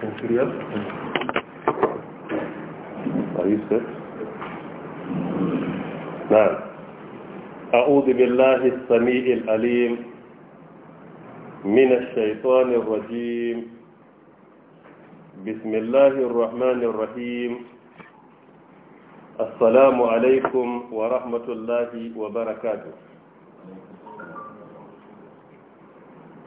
سنتريال رئيسة نعم أعوذ بالله السميع العليم من الشيطان الرجيم بسم الله الرحمن الرحيم السلام عليكم ورحمة الله وبركاته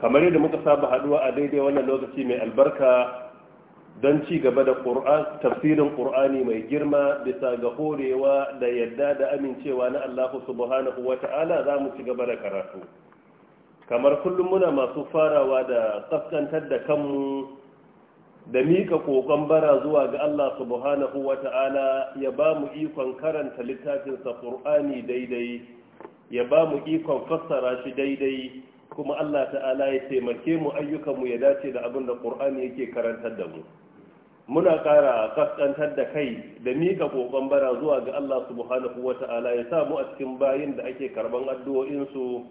kamar yadda muka saba haduwa a daidai wannan lokaci mai albarka don ci gaba da tafsirin ƙur'ani mai girma bisa ga horewa da yadda da amincewa na allahu subhanahu wa ta'ala za mu ci gaba da karatu kamar kullum muna masu farawa da kaskantar da kanmu da mika kokon bara zuwa ga allah subhanahu wa ta'ala ya ba mu ikon karanta littafinsa ƙur'ani daidai ya ba mu ikon fassara shi daidai kuma Allah ta'ala ya taimake mu ayyukanmu ya dace da abin da ƙur'ani yake karantar da mu muna ƙara kaskantar da kai da miƙa kokon bara zuwa ga Allah subhanahu wa ta'ala ya samu a cikin bayin da ake karban addu'o'insu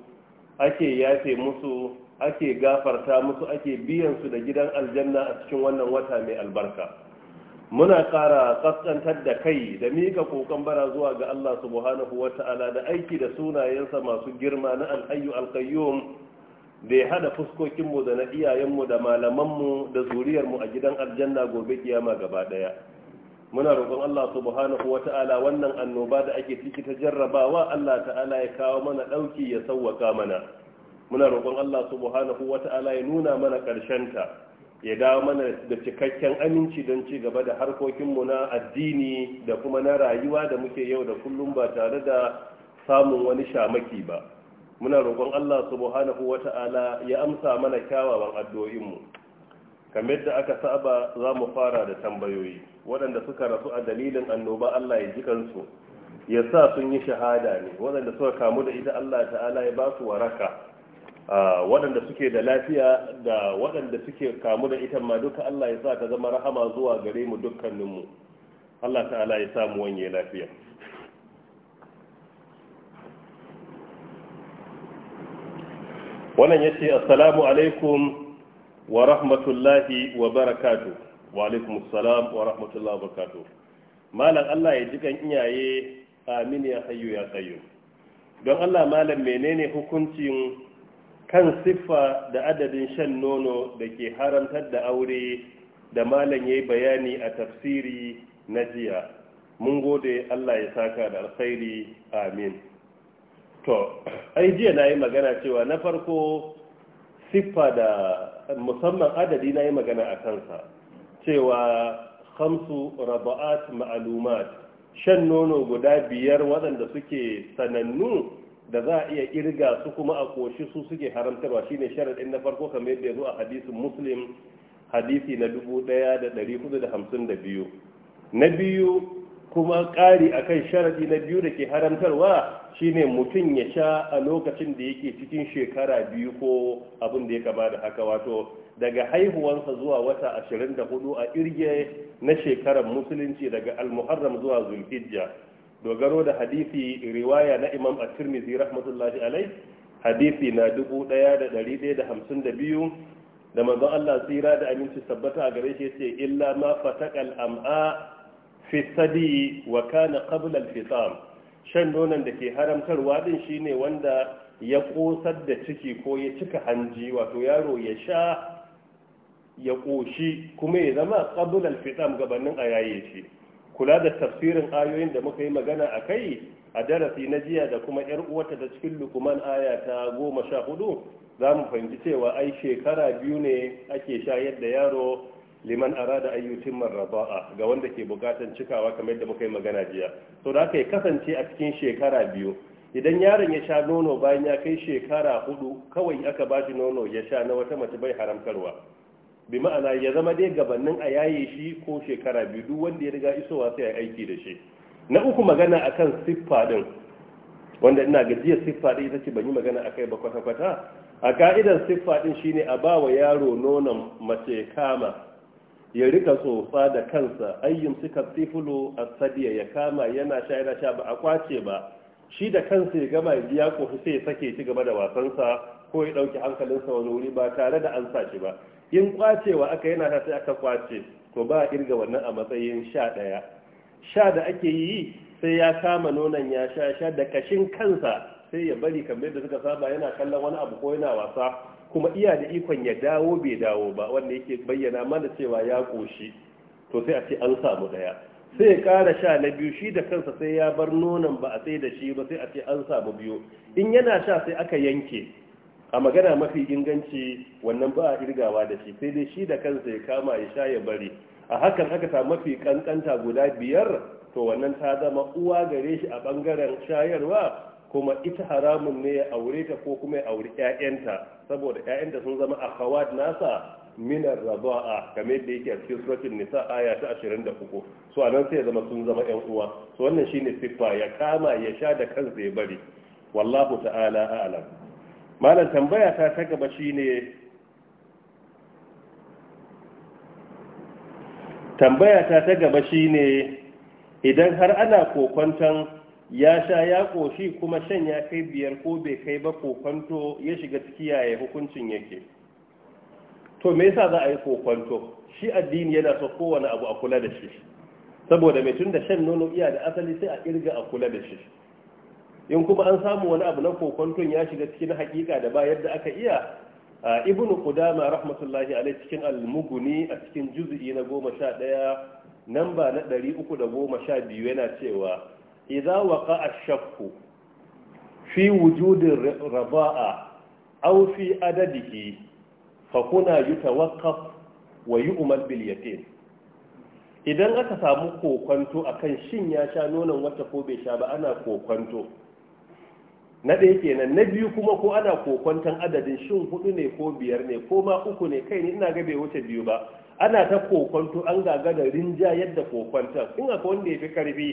ake yafe musu ake gafarta musu ake biyan su da gidan aljanna a cikin wannan wata mai albarka muna ƙara kaskantar da kai da miƙa kokon bara zuwa ga Allah subhanahu wa ta'ala da aiki da sunayensa masu girma na alhayyu alqayyum bai hada fuskokinmu da na iyayenmu da malamanmu da zuriyarmu a gidan aljanna gobe kiyama gaba daya muna roƙon Allah subhanahu wa ta'ala wannan annoba da ake ciki ta jarrabawa Allah ta'ala ya kawo mana ɗauki ya sauwaka mana muna roƙon Allah subhanahu wa ta'ala ya nuna mana ƙarshen ta ya dawo mana da cikakken aminci don ci gaba da harkokinmu na addini da kuma na rayuwa da muke yau da kullum ba tare da samun wani shamaki ba muna roƙon Allah subhanahu wata'ala ya amsa mana kyawawan addu'o'inmu kamar da aka saba za mu fara da tambayoyi waɗanda suka rasu a dalilin annoba Allah ya ji kansu ya sa sun yi shahada ne waɗanda suka kamu da ita Allah ta'ala ya ba su waraka waɗanda suke da lafiya da waɗanda suke kamu da ita ma duka Allah ya sa ta zama rahama zuwa gare mu dukkaninmu Allah ta'ala ya samu wanye lafiya wannan ya ce assalamu alaikum wa rahmatullahi wa barakatu wa alaikum assalam wa rahmatullahi wa barakatu malam allah ya ji kan iyaye amin ya hayyu ya tsayu don allah malam menene hukuncin kan siffa da adadin shan nono da ke haramtar da aure da malam ya yi bayani a tafsiri na jiya mun gode allah ya saka da alkhairi amin to ai jiya na yi magana cewa na farko siffa da musamman adadi na yi magana a kansa cewa hamsu raba'at ma'alumat shan nono guda biyar waɗanda suke sanannu da za a iya kirga su kuma a koshi su suke haramtarwa shine sharaɗin na farko kamar yadda ya zo a hadisin muslim hadisi na 1452 na biyu kuma ƙari a kan sharaɗi na biyu da ke haramtarwa shine mutum ya sha a lokacin da yake cikin shekara biyu ko abin da ya kama da haka wato daga haihuwansa zuwa wata hudu a irge na shekarar musulunci daga almuharram zuwa zulhijja dogaro da hadisi riwaya na imam a tirmidhi rahmatullahi alai hadisi na 1152 da manzon Allah tsira da aminci tabbata a gare shi ce illa ma fatakal am'a fi sadi wa kana qabla al-fitam shan nonon da ke haramtarwa din shine wanda ya kosar da ciki ko ya cika hanji wato yaro ya sha ya koshi kuma ya zama qabla al-fitam gabanin ayaye shi kula da tafsirin ayoyin da muka yi magana a kai a darasi na jiya da kuma yar uwata da cikin lukuman aya ta goma sha hudu za mu fahimci cewa ai shekara biyu ne ake shayar da yaro liman arada an yutimma raba'a ga wanda ke bukatan cikawa kamar yadda muka yi magana jiya to da aka kasance a cikin shekara biyu idan yaron ya sha nono bayan ya kai shekara hudu kawai aka ba shi nono ya sha na wata mace bai haramkarwa. bi ma'ana ya zama dai gabanin a yaye shi ko shekara biyu duk wanda ya riga isowa sai ya aiki da shi na uku magana akan siffa din wanda ina gajiyar siffa din ita ce ban yi magana akai ba kwata-kwata a ka'idar siffa din shine a ba wa yaro nonon mace kama ya rika tsofa da kansa ayyun suka tifulu a sadiya ya kama yana sha yana sha ba a kwace ba shi da kansa ya gama biya kofi sai ya sake shi gaba da wasansa ko ya ɗauki hankalinsa wani wuri ba tare da an sa shi ba in kwacewa aka yana ta sai aka kwace to ba a irga wannan a matsayin sha ɗaya sha da ake yi sai ya kama nonon ya sha sha da kashin kansa sai ya bari kamar da suka saba yana kallon wani abu ko yana wasa kuma iya da ikon ya dawo bai dawo ba wanda yake bayyana mana cewa ya koshi to sai a ce an samu daya sai ya kara sha na biyu shi da kansa sai ya bar nonon ba a sai da shi ba sai a ce an samu biyu in yana sha sai aka yanke a magana mafi inganci wannan ba a irgawa da shi sai dai shi da kansa ya kama ya sha ya bari a hakan aka samu mafi kankanta guda biyar to wannan ta zama uwa gare shi a bangaren shayarwa kuma ita haramun ne ya aure ta ko kuma ya auri ƴaƴanta saboda ƴaƴanta sun zama akhawat nasa minar rabaa kamar da yake a cikin suratul nisa aya ta 23 so anan sai ya zama sun zama ƴan uwa so wannan shine sifa ya kama ya sha da kansa ya bari wallahu ta'ala a'lam malam tambaya ta ta gaba shine tambaya ta ta gaba shine idan har ana kokwantan ya sha ya ƙoshi kuma shan ya kai biyar ko bai kai ba kokwanto ya shiga ciki yaya hukuncin yake to me yasa za a yi kokwanto shi addini yana so kowane abu a kula da shi saboda mai tun da shan nono iya da asali sai a kirga a kula da shi in kuma an samu wani abu na kokwanton ya shiga cikin hakika da ba yadda aka iya ibn qudama rahmatullahi alaihi cikin al muguni a cikin juz'i na 11 namba na 312 yana cewa idza waka shakku fi wujudin raba'a aw fi adadihi fa kuna yutawaqqaf wa yu'mal idan aka samu kokonto akan shin ya sha nonon wata ko bai sha ba ana kokwanto na ɗaya kenan na biyu kuma ko ana kokwanton adadin shin hudu ne ko biyar ne ko ma uku ne kai ne ina ga bai wuce biyu ba ana ta kokwanto an gaga da rinja yadda kokonton in aka wanda ya fi karfi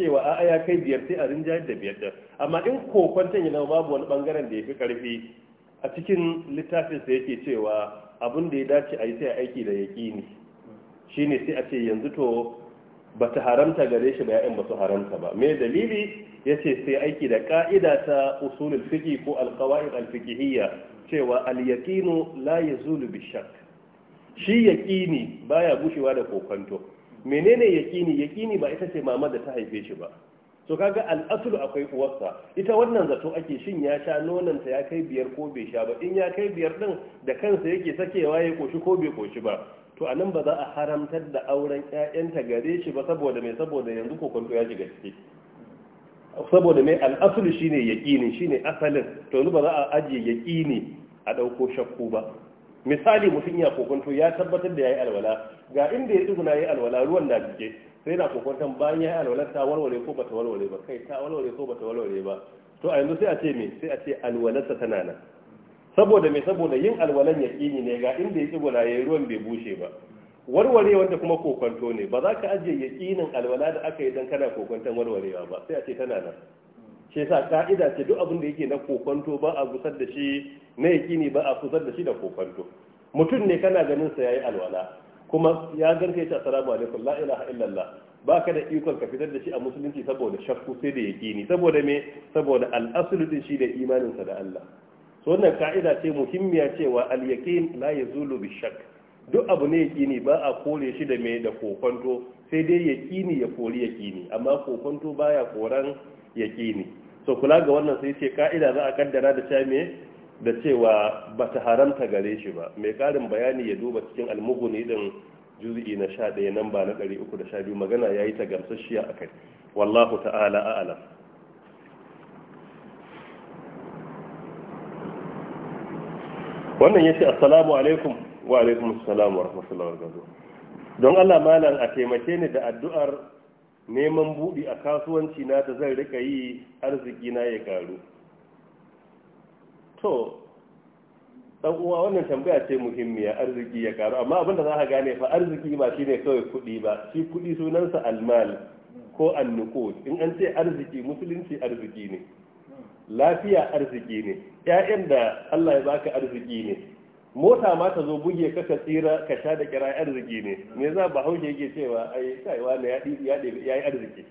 cewa a ya kai biyar sai a rinjayar da biyar da amma in kokwanton yana babu wani bangaren da ya fi karfi a cikin littafin sa yake cewa abin da ya dace a yi sai aiki da yaƙini shine sai a ce yanzu to ba ta haramta gare shi ba ya'yan ba su haramta ba me dalili ya ce sai aiki da ka'ida ta usulul fiqi ko alqawaid alfiqhiyya cewa al-yaqinu la yazulu bi bishak shi yaqini baya bushewa da kokonto menene yaqini yakini ba ita ce mama da ta haife shi ba to kaga al'asulu akwai uwarsa ita wannan zato ake shin ya sha nonon ta ya kai biyar ko bai sha ba in ya kai biyar din da kansa yake sakewa ya koshi ko bai koshi ba to a nan ba za a haramtar da auren ƴaƴanta gare shi ba saboda mai saboda yanzu kokonto ya shiga ciki saboda mai al'asulu shine yaqini shine asalin to yanzu ba za a ajiye yaqini a dauko shakku ba misali mutum ya kokonto ya tabbatar da ya yi alwala ga inda ya tsuguna ya yi alwala ruwan na jike sai na kokonton bayan ya yi alwala ta warware ko bata warware ba kai ta warware ko bata warware ba to a yanzu sai a ce me sai a ce alwalarsa tana nan saboda me saboda yin alwalan yaƙini ne ga inda ya tsuguna ya yi ruwan bai bushe ba warware wanda kuma kokonto ne ba za ka ajiye yaƙinin alwala da aka yi don kana kokonton warwarewa ba sai a ce tana nan shi sa ka'ida ce duk abin da yake na kokonto ba a gusar da shi na yakini ba a gusar da shi da kokonto mutum ne kana ganin sa ya yi alwala kuma ya garke shi assalamu alaikum la ilaha illallah baka da ikon ka fitar da shi a musulunci saboda shakku sai da ne saboda me saboda al'aslu din shi da imanin sa da Allah so wannan ka'ida ce muhimmiya cewa al-yaqin la yazulu bi shakk duk abu ne yakini ba a kore shi da me da kokonto sai dai yakini ya kori yakini amma kokonto baya koran yaƙini. so kula ga wannan sai ce ka'ida za a kaddara da shame da cewa ba ta haramta gare shi ba mai karin bayani ya duba cikin almuguni din juz'i na sha ɗaya, nan ba na ɗari uku da sha biyu, magana ya yi ta a kai. wallahu ta'ala a'alam. wannan ya yace assalamu alaikum wa alaikum assalamu wa rahmatullahi wa don Allah malam a taimake ni da addu'ar neman buɗi a kasuwanci na da zai rika yi arziki na ya karu to dan uwa wannan tambaya ce muhimmiya arziki ya karu amma abin da za ka gane fa arziki ba shine kawai kuɗi ba shi kuɗi sunansa almal ko annukut in an ce arziki musulunci arziki ne lafiya arziki ne ƴaƴan da Allah ya baka arziki ne mota ma ta zo buge ka ka tsira ka sha da kira arziki ne me za ba hauke yake cewa ai kaiwa ne ya ya yi arziki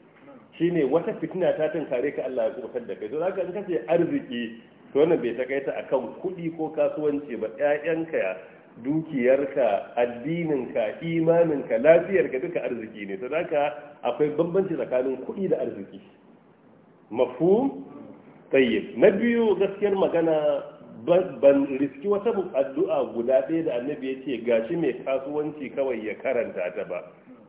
shine wata fitina ta tunkare ka Allah ya kubutar da kai to zaka in kace arziki to wannan bai takaita akan kuɗi ko kasuwanci ba ƴaƴanka dukiyarka addininka imaninka lafiyarka duka arziki ne to zaka akwai bambanci tsakanin kuɗi da arziki mafhum tayyib na biyu gaskiyar magana ban riski wata addu'a guda ɗaya da annabi ya ce gashi mai kasuwanci kawai ya karanta ta ba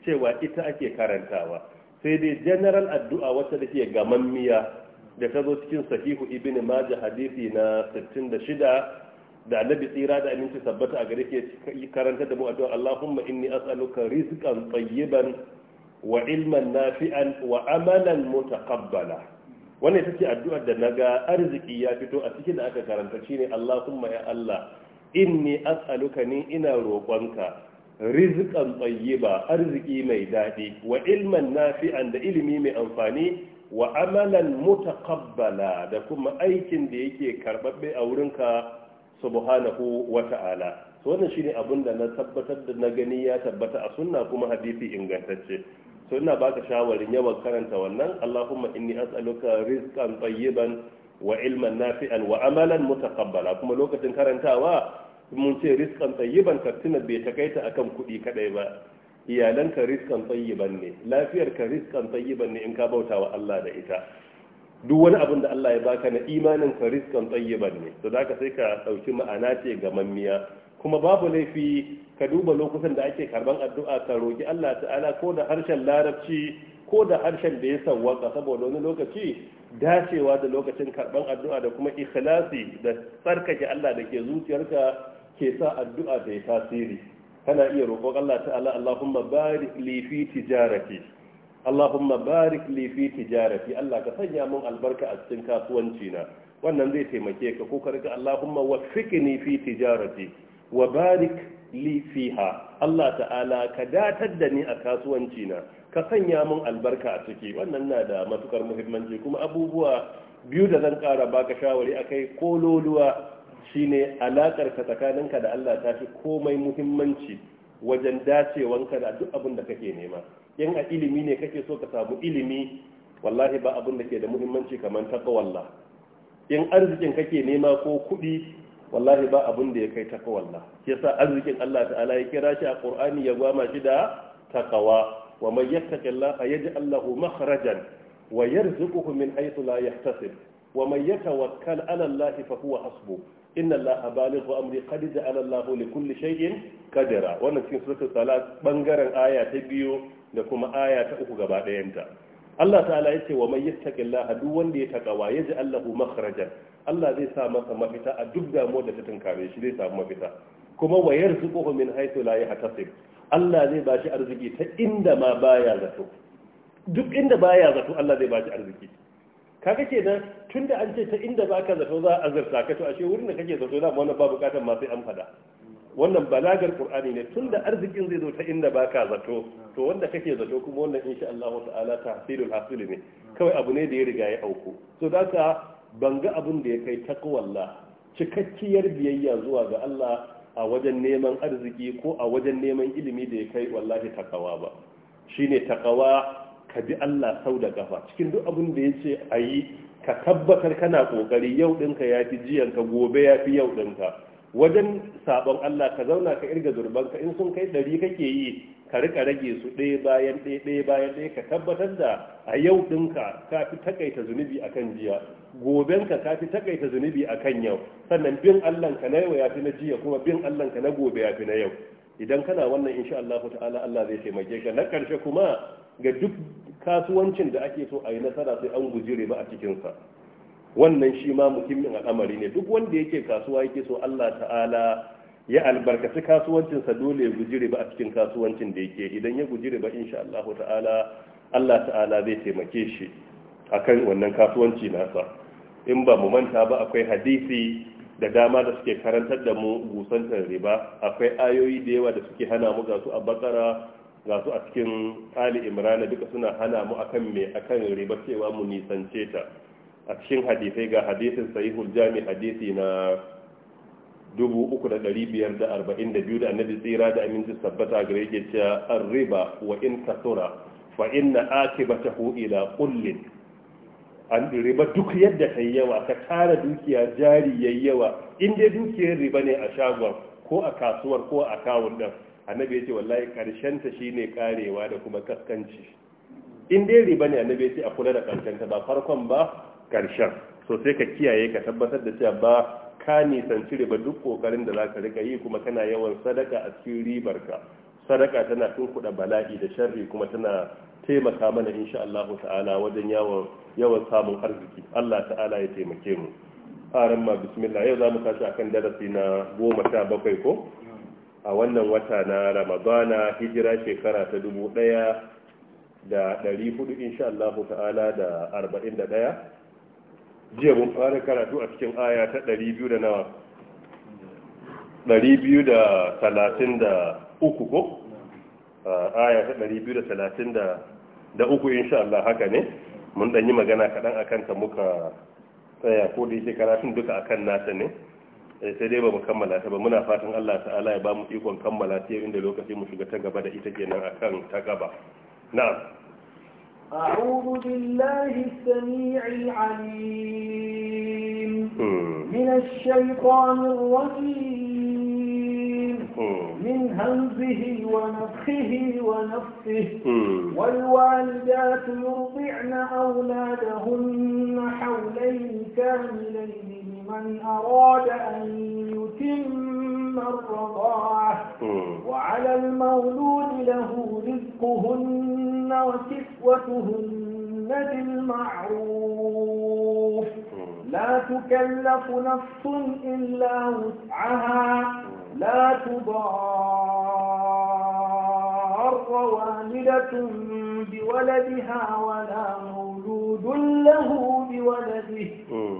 cewa ita ake karantawa sai dai general addu'a wata da ke gamammiya da ta zo cikin sahihu ibn majah hadisi na 66 da annabi tsira da aminci sabbata a gare ke karanta da mu addu'a Allahumma inni as'aluka rizqan tayyiban wa ilman nafi'an wa amalan mutaqabbala wannan ita ce addu'ar da ga arziki ya fito a cikin da aka karanta shine Allahumma ya Allah inni as'aluka ni ina roƙonka rizqan tayyiba arziki mai daɗi wa ilman nafi'an da ilimi mai amfani wa amalan mutaqabbala da kuma aikin da yake karbabbe a wurinka subhanahu wa ta'ala wannan shine abin da na tabbatar da na gani ya tabbata a sunna kuma hadisi ingantacce to ina baka shawarin yawan karanta wannan Allahumma inni as'aluka rizqan tayyiban wa ilman nafi'an wa amalan mutaqabbala kuma lokacin karantawa mun ce rizqan tayyiban ka tuna bai takaita akan kuɗi kadai ba iyalanka rizqan tayyiban ne lafiyarka rizqan tayyiban ne in ka bauta wa Allah da ita duk wani abin da Allah ya baka na imanin ka rizqan tayyiban ne to zaka sai ka dauki ma'ana ce ga mammiya kuma babu laifi ka duba lokutan da ake karban addu'a ka roki Allah ta'ala ko da harshen larabci ko da harshen da ya sawwaka saboda wani lokaci dacewa da lokacin karban addu'a da kuma ikhlasi da tsarkake Allah da ke zuciyarka ke sa addu'a da ya tasiri kana iya roƙon Allah ta'ala Allahumma barik li fi tijarati Allahumma barik li fi tijarati Allah ka sanya min albarka a cikin kasuwanci na wannan zai taimake ka ko ka riga Allahumma waffiqni fi tijarati wa barik li fiha Allah ta'ala ka datar da ni a kasuwanci na ka sanya mun albarka a ciki wannan na da matukar muhimmanci kuma abubuwa biyu da zan kara baka shawari akai kololuwa shine alakar ka tsakaninka da Allah ta fi komai muhimmanci wajen dacewanka da duk abin da kake nema in a ilimi ne kake so ka samu ilimi wallahi ba abin da ke da muhimmanci kamar taqwallah in arzikin kake nema ko kuɗi wallahi ba abin da ya kai takawallah yasa arzikin Allah ta'ala ya kira shi a Qur'ani ya gwama shi da takawa wa man yattaqillaha yaj'al lahu makhrajan wa yarzuquhu min haythu la yahtasib wa man yatawakkal 'ala Allah fa huwa hasbu inna Allah balighu amri qad ja'ala Allah li kulli shay'in qadira wannan cikin suratul salat bangaren aya ta biyu da kuma aya ta uku gaba ɗayanta Allah ta'ala yace wa man yattaqillaha duk wanda ya takawa yaji Allahu makhrajan Allah zai sa masa mafita a duk da da ta tunkare shi zai samu mafita kuma wa yarzuquhu min haythu la yahtasib Allah zai bashi arziki ta inda ma baya zato duk inda baya zato Allah zai bashi arziki kaga kenan tunda an ce ta inda baka zato za a zarta, ka to ashe wurin da kake zato za mu wannan babu bukatan ma sai an fada wannan balagar qur'ani ne tunda arzikin zai zo ta inda baka zato to wanda kake zato kuma wannan insha Allah ta'ala tahsilul hasil ne kawai abu ne da ya riga ya auku so daka ban ga abin da ya kai takwallah cikakkiyar biyayya zuwa ga Allah a wajen neman arziki ko a wajen neman ilimi da ya kai wallahi takawa ba shine takawa ka bi Allah sau da gafa cikin duk abin da ya ce a yi ka tabbatar kana kokari yau ɗinka ya fi jiyanka gobe ya fi yau ɗinka wajen sabon Allah ka zauna ka irga zurban ka in sun kai ɗari kake yi ka rika rage su ɗaya bayan ɗaya ɗaya bayan ɗaya ka tabbatar da a yau ɗinka ka fi takaita zunubi akan jiya gobenka ka fi takaita zunubi akan yau sannan bin Allah ka na yau ya fi na jiya kuma bin Allah ka na gobe ya fi na yau idan kana wannan insha Allah ta'ala Allah zai taimake ka na karshe kuma ga duk kasuwancin da ake so a yi nasara sai an gujire ba a cikinsa wannan shi ma muhimmin al'amari ne duk wanda yake kasuwa yake so Allah ta'ala ya albarkaci kasuwancinsa dole ya guji riba a cikin kasuwancin da yake idan ya guji riba insha Allah ta'ala Allah ta'ala zai taimake shi akan wannan kasuwanci nasa in ba mu manta ba akwai hadisi da dama da suke karantar da mu gusantar riba akwai ayoyi da yawa da suke hana mu gasu a bakara gasu a cikin ali imrana duka suna hana mu akan me akan riba cewa mu nisance ta a cikin hadisai ga hadisin sahihul jami hadisi na 3542 da annabi tsira da aminci sabbata gare yake cewa riba wa in kasura fa ba ta ila kullin an riba duk yadda yi yawa ka tara dukiya jari ya yi yawa in dai dukiyar riba ne a shagon ko a kasuwar ko a kawun din annabi ya ce wallahi karshen ta ne karewa da kuma kaskanci in dai riba ne annabi ce a kula da karshen ta ba farkon ba karshen so sai ka kiyaye ka tabbatar da cewa ba ka nisan nisanci riba duk kokarin da za ka rika yi kuma kana yawan sadaka a cikin ribar ka sadaka tana kuɗa bala'i da sharri kuma tana taimaka mana insha Allah ta'ala wajen yawan yawan samun arziki Allah ta'ala ya taimake mu aran ma bismillah yau zamu tashi akan darasi na goma bakwai ko a wannan wata na Ramadana hijira shekara ta dubu ɗaya da ɗari hudu insha Allah ta'ala da arba'in da ɗaya. jiya mun fara karatu a cikin aya ta 200 da nawa 233 ko aya ta 233 insha Allah haka ne mun dan yi magana kaɗan akan ta muka tsaya ko da yake karatun duka akan nata ne eh, sai dai ba mu kammala ta ba muna fatan Allah ta'ala ya ba mu ikon kammala ta yau inda lokaci mu shiga ta gaba da ita kenan akan ta gaba na'am أعوذ بالله السميع العليم من الشيطان الرجيم من همزه ونفخه ونفسه والوالدات يرضعن أولادهن حولين كاملين من أراد أن يتم الرضاعة وعلى المولود له رزقهن وكسوتهن بالمعروف لا تكلف نفس إلا وسعها لا تضار الأرض والدة بولدها ولا مولود له بولده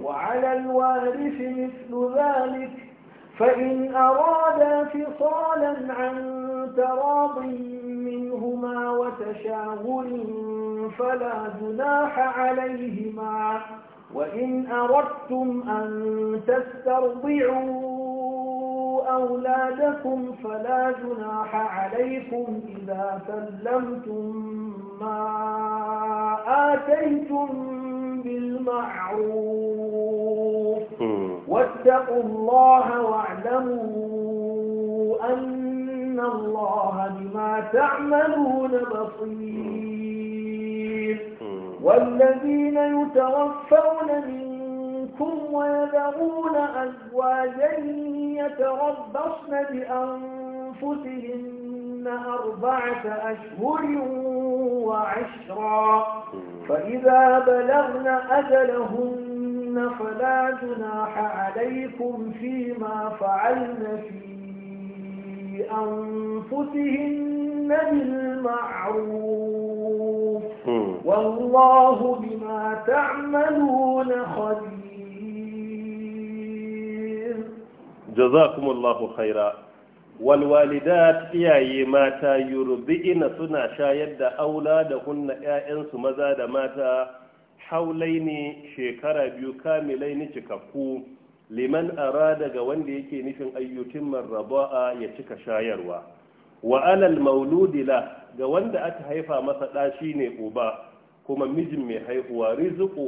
وعلى الوارث مثل ذلك فإن أرادا فصالا عن تراض منهما وتشاغل فلا جناح عليهما وإن أردتم أن تسترضعوا أولادكم فلا جناح عليكم إذا سلمتم ما آتيتم بالمعروف واتقوا الله واعلموا أن الله بما تعملون بصير والذين يتوفون منكم منكم ويذرون أزواجا يتربصن بأنفسهن أربعة أشهر وعشرا فإذا بلغن أجلهن فلا جناح عليكم فيما فعلن في أنفسهن بالمعروف والله بما تعملون خبير jazakumullahu khaira wal walidat iyaye mata Yurubi'ina suna shayar da aula da hunna ƴaƴansu maza da mata haulaini shekara biyu kamilaini cikakku liman ara daga wanda yake nufin ayyukin marraba'a ya cika shayarwa wa alal mauludi la ga wanda aka haifa masa ɗa shine uba kuma mijin mai haihuwa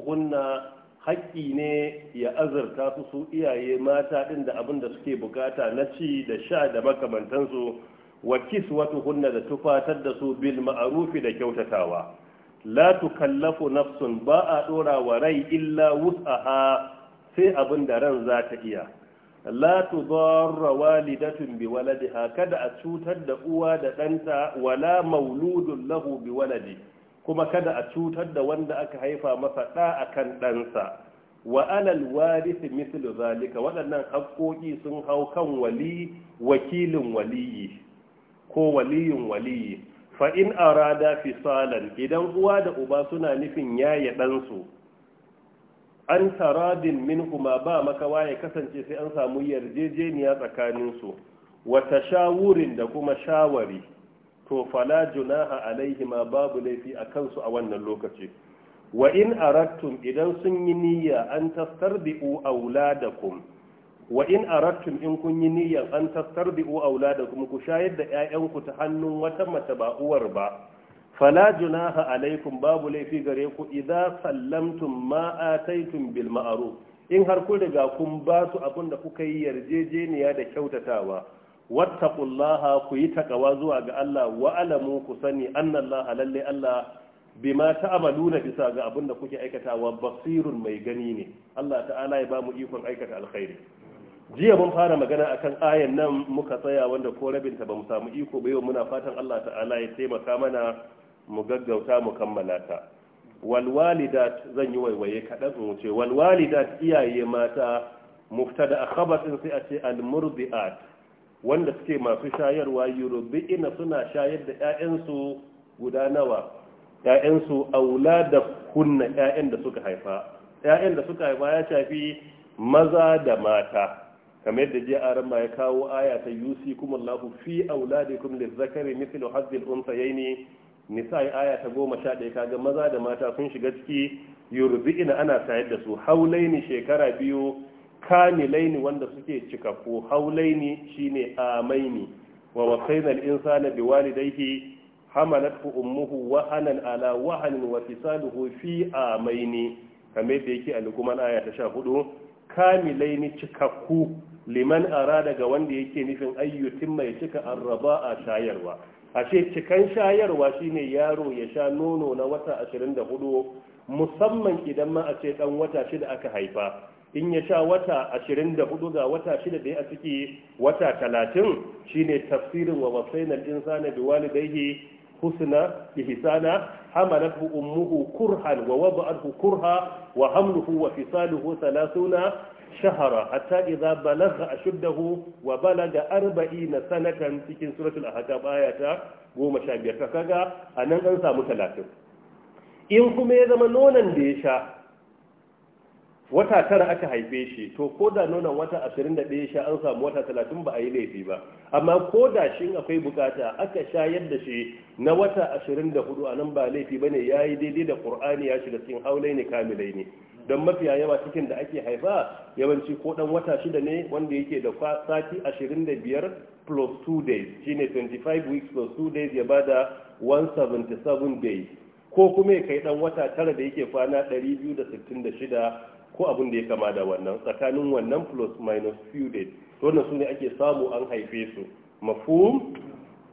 hunna haƙƙi ne ya azurta su su iyaye mata ɗin da abin da suke bukata na ci da sha da makamantansu wa kiswatu hunna da tufatar da su bil ma'arufi da kyautatawa la tukallafu nafsun ba a ɗora wa rai illa wus'aha sai abin da ran za ta iya la tudarra walidatun bi waladiha kada a cutar da uwa da ɗanta wala mauludun lahu bi waladi kuma kada a cutar da wanda aka haifa masa ɗa a kan ɗansa wa alal warisi mislu zalika waɗannan haƙoƙi sun hau kan wali wakilin waliyi ko waliyin waliyi fa in arada fisalan idan uwa da uba suna nufin yaye ɗansu an taradin min kuma ba makawa ya kasance sai an samu yarjejeniya tsakaninsu wata shawurin da kuma shawari to fala junaha ma babu laifi a kansu a wannan lokaci wa in arattum idan sun yi niyya an tastarbi'u auladakum wa in arattum in kun yi niyya an tastarbi'u auladakum ku shayar da ƴaƴanku ta hannun wata mace ba uwar ba fala junaha alaikum babu laifi gare ku idza sallamtum ma ataitum bil ma'ruf in har kun riga kun ba su abin da kuka yi yarjejeniya da kyautatawa wattaqullaha ku yi takawa zuwa ga Allah wa alamu ku sani annallaha lalle Allah bima ta'amaluna bisa ga abin da kuke wa basirun mai gani ne Allah ta'ala ya ba ikon aikata alkhairi jiya mun fara magana akan ayan nan muka tsaya wanda ko rabin ta bamu samu iko ba yau muna fatan Allah ta'ala ya taimaka mana mu gaggauta mu kammala ta wal walidat zan yi waiwaye kaɗan in wuce wal walidat iyaye mata muftada khabarin sai a ce al murdiat wanda suke masu shayarwa ina suna shayar da 'ya'yansu guda nawa 'ya'yansu aulada kunna 'ya'yan da suka haifa 'ya'yan da suka haifa ya shafi maza da mata kamar yadda je aran ya kawo aya ta yusi kuma Allahu fi auladikum lizakari mithlu hazzil unsayaini nisa'i aya ta goma sha ɗaya kaga maza da mata sun shiga ciki ina ana shayar da su haulaini shekara biyu kamilaini wanda suke cikakku haulaini shine amaini wa wasainal insana biwalidayhi hamalathu ummuhu wa anan ala wahanin wa fisaluhu fi amaini kamar da yake a lukuman aya ta 14 kamilaini cikakku liman ara daga wanda yake nufin ayyutin mai cika araba a shayarwa ashe cikan shayarwa shine yaro ya sha nono na wata 24 musamman idan ma a ce dan wata shida aka haifa in ya sha wata 24 ga wata 6 da a ciki wata 30 shine tafsirin wa wasainal insana walidayhi husna ihsana hamalathu ummuhu kurhan wa wada'athu kurha wa hamluhu wa fisaluhu 30 shahara hatta idza balagha ashuddahu wa balaga 40 sanatan cikin suratul ahqaf ayata 15 kaga anan an samu 30 in kuma ya zama nonon da ya sha wata tara aka haife shi to ko da nonon wata 21 sha an samu wata talatin ba a yi laifi ba amma ko da shi akwai bukata aka shayar da shi na wata ashirin da hudu a nan ba laifi ba ne ya yi daidai da kur'ani ya shiga cikin haulai ne kamilai ne don mafiya yawa cikin da ake haifa yawanci ko dan wata shida ne wanda yake da sati 25 plus 2 days shine 25 weeks plus 2 days ya bada 177 days ko kuma ya kai dan wata tara da yake kwana 266 ko abin da ya kama da wannan tsakanin wannan plus minus few days to wannan su ne ake samu an haife su mafhum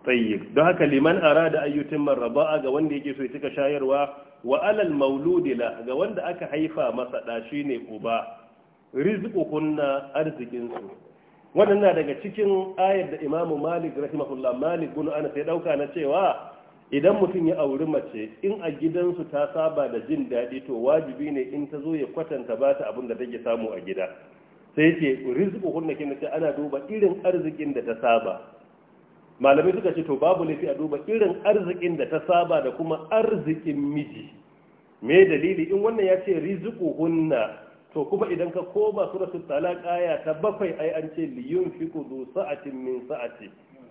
tayyib don haka liman arada ayyutin marraba'a ga wanda yake so ya cika shayarwa wa alal mauludi la ga wanda aka haifa masa da ne uba rizqukunna arzikin su wannan na daga cikin ayar da imamu malik rahimahullah malik bin anas ya dauka na cewa idan mutum ya auri mace in a gidansu ta saba da jin daɗi to wajibi ne in ta zo ya kwatanta ba ta abin da take samu a gida sai ce rizqu hunna kin ce ana duba irin arzikin da ta saba malamai suka ce to babu laifi a duba irin arzikin da ta saba da kuma arzikin miji me dalili in wannan ya ce rizqu hunna to kuma idan ka koma suratul talaq aya ta bakwai ai an ce liyunfiqu sa'atin min sa'ati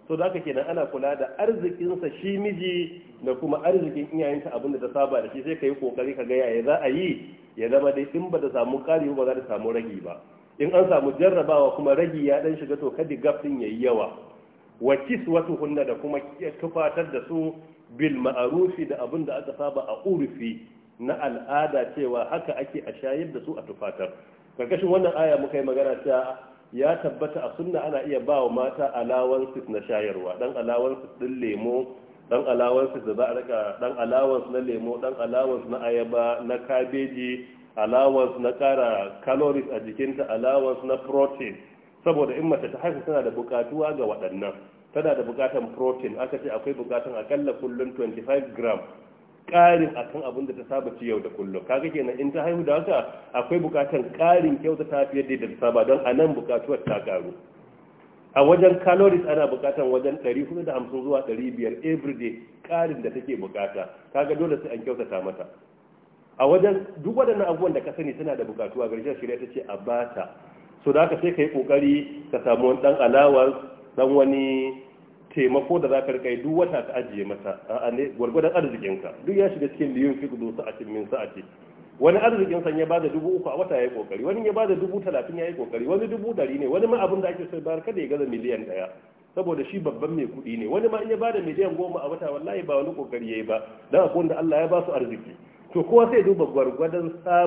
so da aka kenan ana kula da arzikinsa shi miji da kuma arzikin iyayensa abun da ta saba da shi sai ka yi kokari ka gaya ya za a yi ya zama dai in ba da samu kari ba za ta samu ragi ba in an samu jarrabawa kuma ragi ya dan shiga to kadi gafin ya yi yawa wa kiswatu hunna da kuma tufatar da su bil ma'arufi da abin da aka saba a urfi na al'ada cewa haka ake a shayar da su a tufatar karkashin wannan aya muka yi magana ta ya tabbata a sunna ana iya ba wa mata allowances na shayarwa dan alawansu din lemo dan alawansu da za a rika dan alawansu na lemo dan alawansu na ayaba na kabeji alawansu na kara calories a jikinta alawansu na protein saboda in mace ta haihu tana da bukatuwa ga waɗannan tana da bukatan protein aka ce akwai bukatan akalla kullum 25 gram ƙarin akan abin da ta saba ci yau da kullum kaga kenan in ta haihu da haka akwai bukatan ƙarin kyautata fiye da ta saba don a nan bukatuwar ta karu a wajen calories ana bukatan wajen 450 zuwa 500 everyday karin da take bukata kaga dole sai an kyautata mata a wajen duk waɗannan abubuwan da ka sani suna da bukatu a shirya ta ce a bata so da haka sai ka yi kokari ka samu wani dan alawar dan wani taimako da za ka rika duk wata ta ajiye masa a ne gwargwadon arzikinka duk ya shiga cikin liyun fi gudu sa'atin min sa'ati wani arzikin san ya bada dubu uku a wata ya yi kokari wani ya bada dubu talatin ya yi kokari wani dubu dari ne wani ma da ake sai bayar kada ya gaza miliyan ɗaya saboda shi babban mai kuɗi ne wani ma in ya bada miliyan goma a wata wallahi ba wani kokari ya yi ba don akwai wanda Allah ya ba su arziki to kowa sai duba gwargwadon sa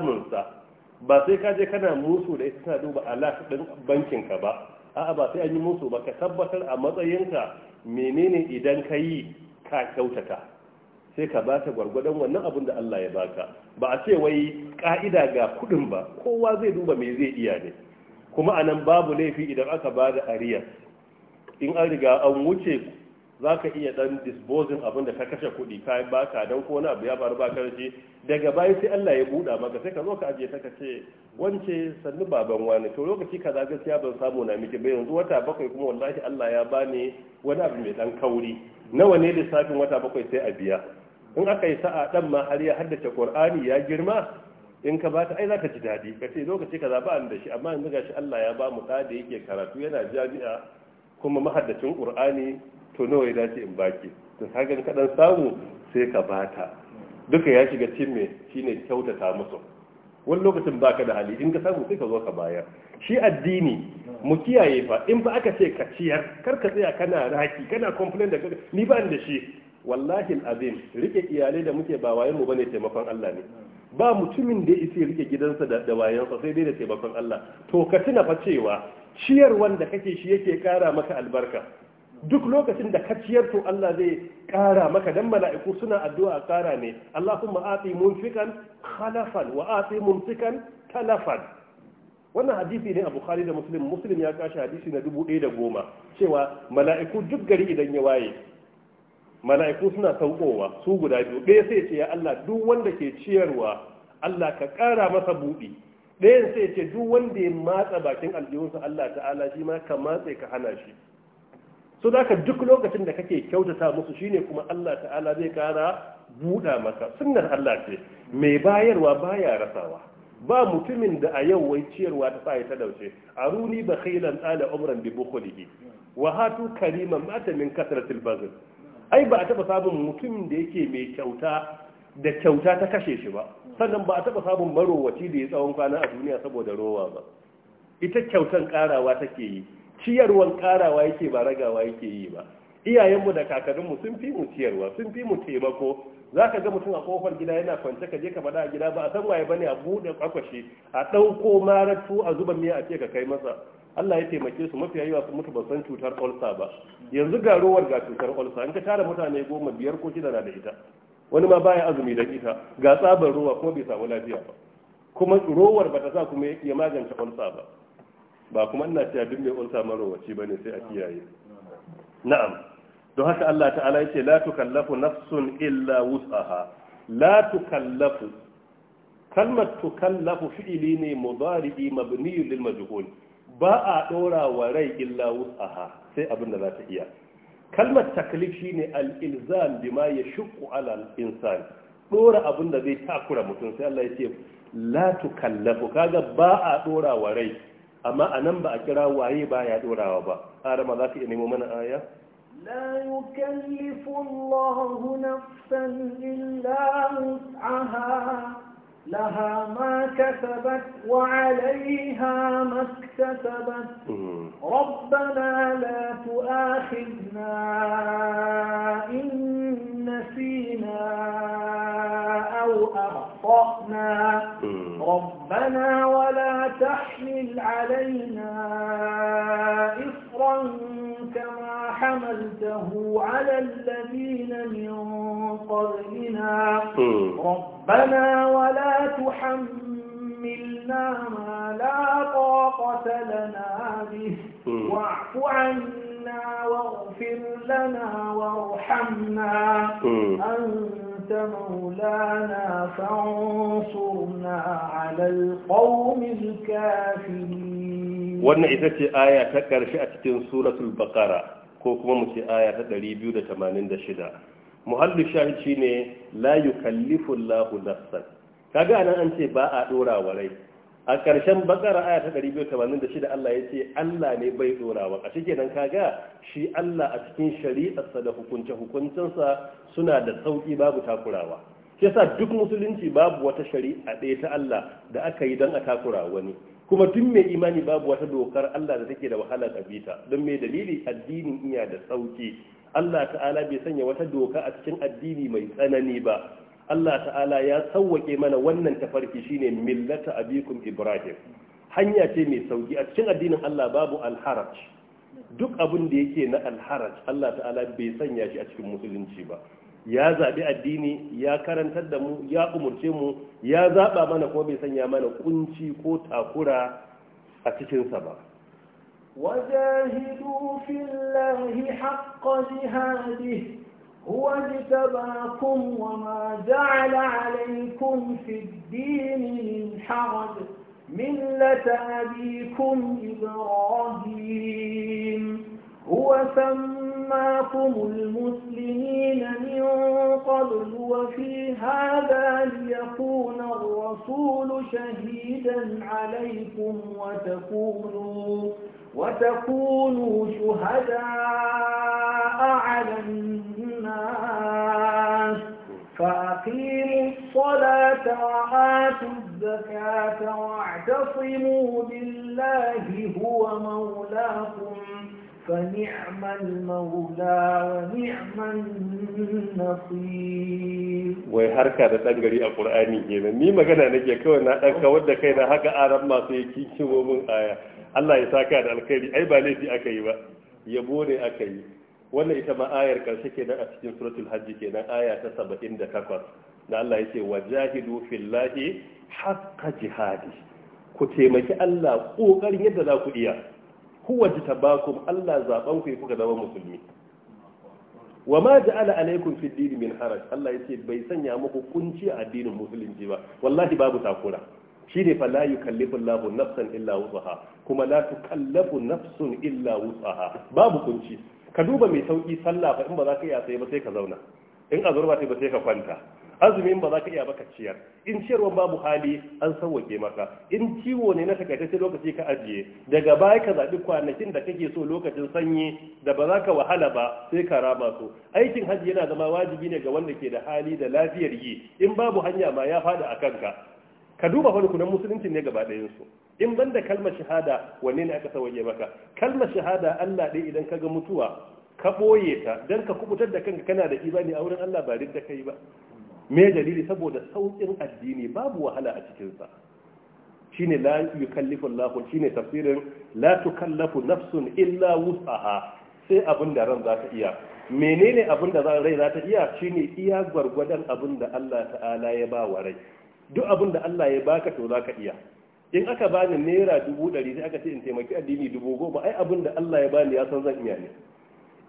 ba sai ka je kana musu da ita tana duba alat ɗin ka ba a'a ba sai an yi musu ba ka tabbatar a matsayinka menene idan ka yi ka kyautata sai ka ba ta gwargwadon wannan abin da Allah ya baka ba a ce wai ka'ida ga kudin ba kowa zai duba me zai iya ne kuma anan babu laifi idan aka ba da ariya in an riga an wuce za ka iya ɗan disposing abin da ka kashe kuɗi ka yi baka don ko wani abu ya faru ba karshe daga baya sai Allah ya buɗa maka sai ka zo ka ajiye ta ka ce wance sannu baban wani to lokaci kaza gaskiya ban samu na miki bai yanzu wata bakwai kuma wallahi Allah ya bani wani abu mai ɗan kauri nawa ne lissafin wata bakwai sai a biya in aka yi sa'a dan ma har ya haddace Qur'ani ya girma in ka bata ai zaka ji dadi ka ce lokaci kaza ba an da shi amma yanzu gashi Allah ya ba mu da yake karatu yana jami'a kuma mahaddacin Qur'ani to nawa ya dace in baki to kagan kadan samu sai ka bata duka ya shiga cin me shine kyautata musu wani lokacin baka da hali in ka samu sai ka zo ka bayar shi addini mu kiyaye fa in ba aka ce ka ciyar kar ka tsaya kana raki kana complain da ni ba da shi wallahi alazim rike iyalai da muke ba wayan mu bane taimakon Allah ne ba mutumin da yake rike gidansa da da sa sai dai da taimakon Allah to ka tuna fa cewa ciyar wanda kake shi yake kara maka albarka duk lokacin da ka ciyar to Allah zai kara maka dan mala'iku suna addu'a kara ne Allahumma ati munfikan khalafan wa ati mumsikan talafan wannan hadisi ne a Bukhari da Muslim Muslim ya kashi hadisi na 1010 cewa mala'iku duk gari idan ya waye mala'iku suna saukowa su guda biyu ɗaya sai ce ya Allah duk wanda ke ciyarwa Allah ka ƙara masa buɗi ɗayan sai ce duk wanda ya matsa bakin aljihunsa Allah ta'ala shi ma ka matse ka hana shi so da ka duk lokacin da kake kyautata musu shine kuma Allah ta'ala zai kara buɗa maka sunnar Allah ce mai bayarwa baya rasawa ba mutumin da a yau wai ciyarwa ta sa ta dauce aruni khailan ala umran bi bukhulihi wa hatu kariman mata min kasratil bazl ai ba a taba sabon mutumin da yake mai kyauta da kyauta ta kashe shi ba sannan ba a taba sabon marowaci da ya tsawon kwana a duniya saboda rowa ba ita kyautan karawa take yi ciyarwan karawa yake ba ragawa yake yi ba iyayenmu da kakanninmu sun fi mu ciyarwa sun fi mu taimako za ka ga mutum a kofar gida yana kwance ka je ka faɗa a gida ba a san waye bane a buɗe kwakwashi a ɗauko maratu a zuba miya a ce ka kai masa Allah ya taimake su mafi yawa sun mutu ba san cutar olsa ba yanzu ga rowar ga cutar olsa in ka tara mutane goma biyar ko shida na da ita wani ma baya azumi da ita ga tsabar ruwa kuma bai samu lafiya ba kuma rowar ba sa kuma ya magance olsa ba ba kuma ina cewa duk mai ulsa ba ne sai a kiyaye na'am don haka Allah ta'ala yace la tukallafu nafsun illa wutsaha. la tukallafu kalmar tukallafu fi'ili ne mudari'i mabniyyun lil majhul ba a dora wa rai illa wutsaha, sai abin da za ta iya kalmar taklif shine al-ilzam bima yashqu ala al-insan dora abin da zai takura mutum sai Allah ce la tukallafu kaga ba a dora wa rai amma a nan ba a kira waye ba ya dorawa ba arama za ka iya nemo mana aya لا يكلف الله نفسا إلا وسعها لها ما كسبت وعليها ما اكتسبت ربنا لا تؤاخذنا إن نسينا أو أخطأنا ربنا wannan ita ce aya ta ƙarshe a cikin suratul baqara ko kuma mu ce aya ta 286 muhallu shahid shine la yukallifu llahu nafsan kaga anan an ce ba a dora warai a ƙarshen baqara aya ta 286 Allah ya ce Allah ne bai dora wa kashi kenan kaga shi Allah a cikin shari'arsa da hukunce hukuncinsa suna da sauki babu takurawa yasa duk musulunci babu wata shari'a ɗaya ta Allah da aka yi don a takura wani kuma tun mai imani babu wata dokar Allah da take da wahala bita don mai dalili addinin iya da sauki Allah ta'ala bai sanya wata doka a cikin addini mai tsanani ba Allah ta'ala ya sauwake mana wannan tafarki shine millata abikum ibrahim hanya ce mai sauki a cikin addinin Allah babu alharaj duk abin da yake na alharaj Allah ta'ala bai sanya shi a cikin musulunci ba ya zaɓi addini ya karantar da mu ya umurce mu ya zaɓa mana ko bai sanya mana kunci ko takura a cikinsa ba وجاهدوا في الله حق جهاده هو اجتباكم وما جعل عليكم في الدين من حرج ملة أبيكم إبراهيم هو سماكم المسلمين من قبل وفي هذا ليكون الرسول شهيدا عليكم وتكونوا وتكونوا شهداء على الناس فأقيموا الصلاة وآتوا الزكاة واعتصموا بالله هو مولاكم فنعم المولى ونعم النصير wai harka da dan gari a Qur'ani kenan ni magana ke kawai na dan kawar da na haka aran masu yake kiwo aya Allah ya ka da alkhairi ai ba laifi aka yi ba yabo ne aka yi wannan ita ma ayar karshe kenan a cikin suratul hajji kenan aya ta saba'in da Allah wa wajahidu fillahi haqqa jihadi ku taimaki Allah kokarin yadda za ku iya huwa jitabakum Allah zaban ku kuka zama musulmi wa ma ja'ala alaykum fi min haraj Allah yace bai sanya muku kunci a addinin musulunci ba wallahi babu takura shine fa la yukallifu Allahu nafsan illa wusaha kuma la tukallafu nafsun illa wusaha babu kunci ka duba mai sauki sallah fa in ba za ka iya sai ba sai ka zauna in azurba sai ba sai ka kwanta azumin ba za ka iya baka ciyar in ciyarwan babu hali an sauwake maka in ciwo ne na takaitacce lokaci ka ajiye daga baya ka zaɓi kwanakin da kake so lokacin sanyi da ba za ka wahala ba sai ka raba su aikin hajji yana zama wajibi ne ga wanda ke da hali da lafiyar yi in babu hanya ma ya fada a kanka ka duba fa rukunan musulunci ne gaba ɗayan su in banda kalmar shahada wanne ne aka sauke maka kalmar shahada Allah ɗaya idan ka ga mutuwa ka ɓoye ta don ka kubutar da kanka kana da imani a wurin Allah ba duk da kai ba me dalili saboda sauƙin addini babu wahala a cikinsa shine la yukallifu Allah shine tafsirin la tukallafu nafsun illa wus'aha sai abin da ran za ta iya menene abin da rai za ta iya shine iya gwargwadon abin da Allah ta'ala ya ba wa rai duk abin da Allah ya baka to za ka iya in aka bani naira dubu ɗari sai aka ce in taimaki addini dubu goma ai abin da Allah ya bani ya san zan iya ne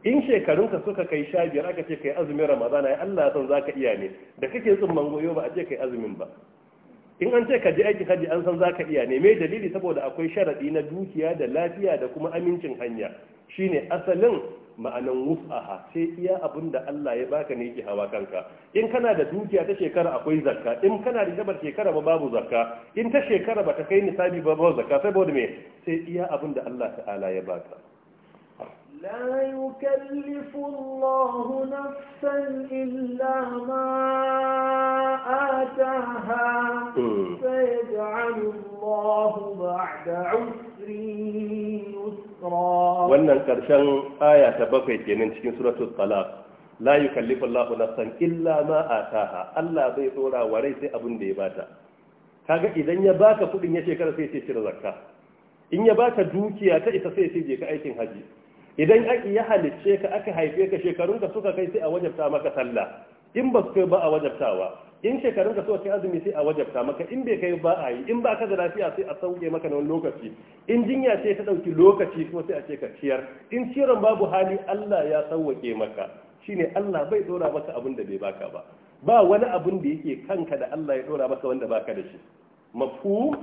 in shekarunka suka kai sha biyar aka ce kai azumin ramadana ya Allah san za ka iya ne da kake tsumman goyo ba a ce kai azumin ba in an ce ka je aiki hajji an san za ka iya ne mai dalili saboda akwai sharaɗi na dukiya da lafiya da kuma amincin hanya shine asalin ma'anan wuf'aha sai iya abin da Allah ya baka ne yake hawa kanka in kana da dukiya ta shekara akwai zakka in kana da jabar shekara ba babu zakka in ta shekara ba ta kai nisabi ba babu zakka saboda me sai iya abin da Allah ta'ala ya baka لا يكلف الله نفسا إلا ما آتاها سيجعل الله بعد عسر يسرا وانا كرشان آية تبقى جنين cikin suratul talaq la yukallifu Allahu nafsan illa ma Allah bai tsora rai sai abin da ya bata kaga idan ya baka kudin ya shekara sai ya ce cire zakka in ya baka dukiya ta isa sai ya ce je ka aikin haji idan aki ya halice ka aka haife ka shekarun ka suka kai sai a wajabta maka sallah in ba su kai ba a wajabtawa in shekarun ka suka kai azumi sai a wajabta maka in bai kai ba a yi in ba ka da lafiya sai a sauke maka na wani lokaci in jinya ce ta ɗauki lokaci kuma sai a ce ka ciyar in ciyarwan babu hali Allah ya sauwake maka shine Allah bai dora maka abin da bai baka ba ba wani abin da yake kanka da Allah ya dora maka wanda baka da shi mafhum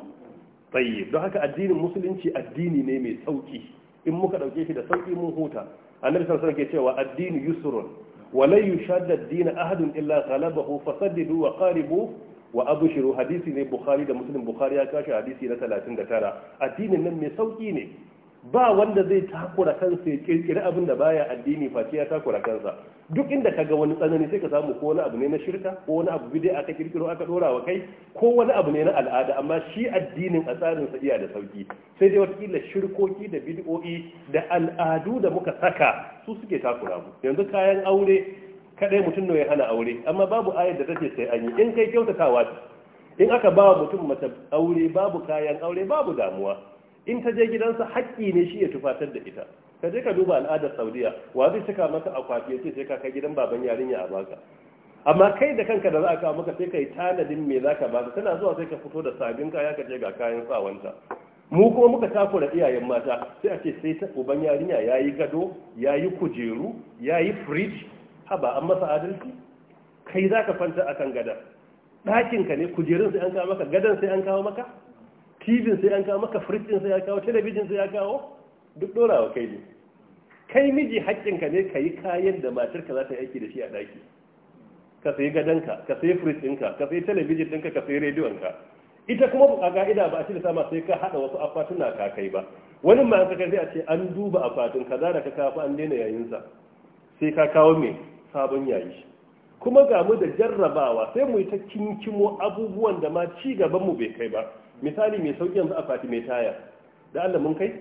tayyib don haka addinin musulunci addini ne mai sauki in muka dauke shi da sauki mun huta annabi sallallahu alaihi ke cewa addini yusrun wa la yushadda ad-din ahadun illa ghalabahu fasaddidu wa qaribu wa abshiru hadisi ne bukhari da muslim bukhari ya kashi hadisi na 39 addinin nan mai sauki ne ba wanda zai takura kansa ya kirkiri abin da baya addini face ya takura kansa duk inda kaga wani tsanani sai ka samu ko wani abu ne na shirka ko wani abu bidai aka kirkiro aka dora wa kai ko wani abu ne na al'ada amma shi addinin a tsarin sa iya da sauki sai dai watakila shirkoki da bid'o'i da al'adu da muka saka su suke takura mu yanzu kayan aure kadai mutum ne ya hana aure amma babu ayar da take sai an yi in kai kyautatawa in aka ba mutum mace aure babu kayan aure babu damuwa in ta je gidansa haƙƙi ne shi ya tufatar da ita ka je ka duba al'adar saudiya wa zai cika maka a ya ce sai ka kai gidan baban yarinya a baka amma kai da kanka da za a kawo maka sai kai tanadin me za ka baka tana zuwa sai ka fito da sabin kaya ka je ga kayan sawanta mu kuma muka takura iyayen mata sai a ce sai ta uban yarinya ya yi gado ya yi kujeru ya yi firij ba an masa adalci kai za ka fanta a kan gada ɗakinka ne kujerun sai an kawo maka gadon sai an kawo maka tivin sai an kawo maka fridge ya kawo telebijinsa ya kawo duk dorawa kai ne kai miji haƙƙinka ne ka yi kayan da matarka za ta yi aiki da shi a daki ka sai gadonka ka sai fridge ɗinka ka sai talabijin ɗinka ka sayi rediyonka ita kuma a ga'ida ba a ce da sama sai ka haɗa wasu akwatuna ka kai ba wani ma ka sai a ce an duba akwatin kaza da ka kafa an daina yayinsa sai ka kawo mai sabon yayi kuma ga mu da jarrabawa sai mu yi ta kinkimo abubuwan da ma ci gaban mu bai kai ba misali mai sauki yanzu akwati mai taya da Allah mun kai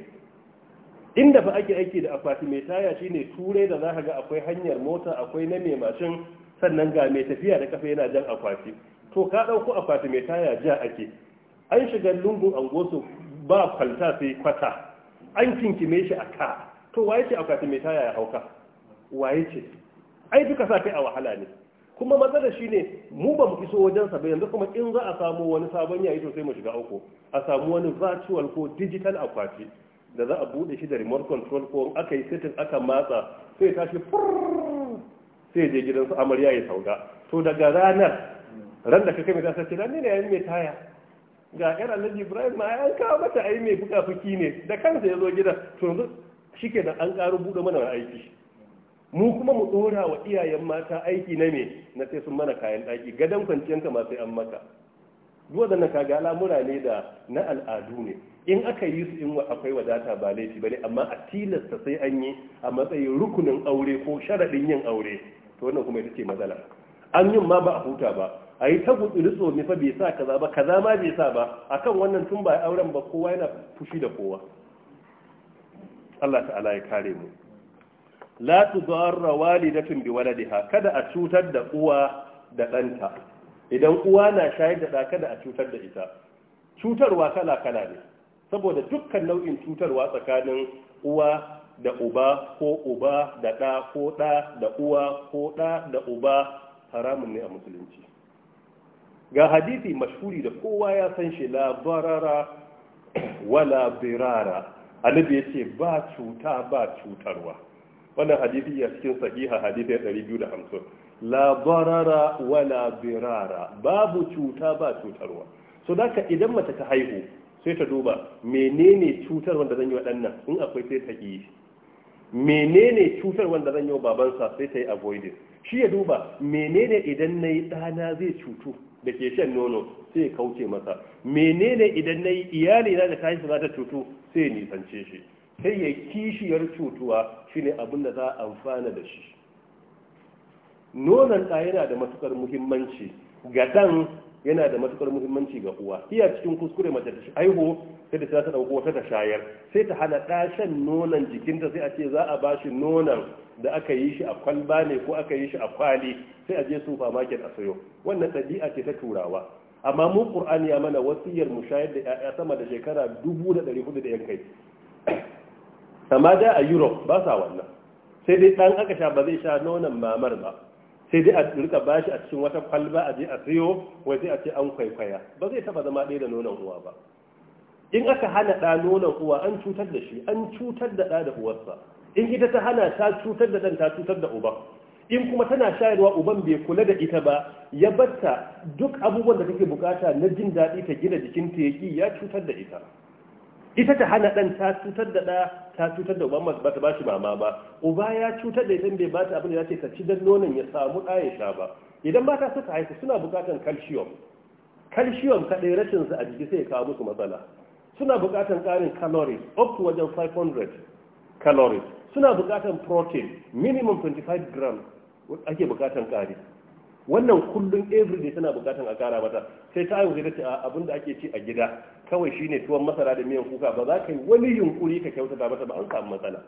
inda fa ake aiki da akwati mai taya shine turai da za ga akwai hanyar mota akwai na mai mashin sannan ga mai tafiya da kafa yana jan akwati to ka ɗauko akwati mai taya ja ake an shiga lungun angosu ba kwalta sai kwata an kinkime shi a ka to waye ce akwati mai taya ya hauka waye ce ai duka sa kai a wahala ne kuma maza da shi ne mu ba mu iso wajensa ba yanzu kuma in za a samu wani sabon yayi to sai mu shiga uku a samu wani virtual ko digital akwati da za a bude shi da remote control ko aka yi setting aka matsa sai tashi sai je su amarya ya sauka to daga ranar ran da kake mai ta sace ran ne yayin mai taya ga yar Alhaji Ibrahim ma an kawo mata ai mai buka fuki ne da kansa ya zo gidan to yanzu da an karu bude mana aiki mu kuma mu dora wa iyayen mata aiki na me na sai sun mana kayan daki gadan kwanciyanka ma sai an maka waɗannan kaga al'amura ne da na al'adu ne in aka yi su in akwai wadata ba laifi bane amma a tilasta sai an yi a matsayin rukunin aure ko sharaɗin yin aure to wannan kuma ita ce matsala an yin ma ba a huta ba a yi ta gutsuri tsomi fa bai sa kaza ba kaza ma bai sa ba akan wannan tun ba auren ba kowa yana fushi da kowa Allah ta'ala ya kare mu la tudarra walidatin bi waladiha kada a cutar da uwa da ɗanta idan uwa na shayar da ɗa kada a cutar da ita cutarwa kala kala ne saboda dukkan nau'in cutarwa tsakanin uwa da uba ko uba da ɗa ko ɗa da uwa ko ɗa da uba haramun ne a musulunci ga hadisi mashhuri da kowa ya san shi la barara wala birara annabi yace ba cuta ba cutarwa wannan hadisi ya cikin sahiha hadisi 250 la barara wala birara babu cuta ba cutarwa so daka idan mace ta haihu sai ta duba menene cutar wanda zan yi wa ɗan nan in akwai sai ta yi menene cutar wanda zan yi wa babansa sai ta yi avoiding shi ya duba menene idan nayi yi ɗana zai cutu da ke shan nono sai ya kauce masa menene idan nayi iyali na da kashi za ta cutu sai ya nisance shi sai ya kishiyar cutuwa shine abin da za a amfana da shi nonon ɗa yana da matukar muhimmanci ga ɗan yana da matukar muhimmanci ga uwa iya cikin kuskure mace ta aihu sai da ta dauko wata ta shayar sai ta hana shan nonon jikinta sai a ce za a ba shi nonon da aka yi shi a kwalba ne ko aka yi shi a kwali sai a je sufa market a sayo wannan ɗabi'a ce ta turawa amma mu qur'ani ya mana wasiyar mu shayar da 'ya'ya sama da shekara dubu da ɗari hudu da yankai amma da a europe ba sa wannan sai dai ɗan aka sha ba zai sha nonon mamar ba sai dai a rika ba shi a cikin wata kwalba a je a siyo wai sai a ce an kwaikwaya ba zai taba zama ɗaya da nonon uwa ba in aka hana ɗa nonon uwa an cutar da shi an cutar da ɗa da uwarsa in ita ta hana ta cutar da ɗan ta cutar da uban in kuma tana shayarwa uban bai kula da ita ba ya batta duk abubuwan da take bukata na jin daɗi ta gina jikin ta ya cutar da ita ita ta hana ɗan ta cutar da ɗa ta cutar da uban masu ba ta ba shi mama ba uba ya cutar da idan bai bata abin da zai ce ta ci dan nonon ya samu ɗa ya sha ba idan mata suka haihu suna buƙatar calcium calcium kaɗai rashin su a jiki sai ya kawo musu matsala suna buƙatar ƙarin calories up to wajen 500 calories suna buƙatar protein minimum 25 grams ake buƙatar ƙari wannan kullum day tana bukatan a kara mata sai ta yi ta ce abin da ake ci a gida kawai shine tuwon masara da miyan kuka ba za ka yi wani yunkuri ka kyautata mata ba an samu matsala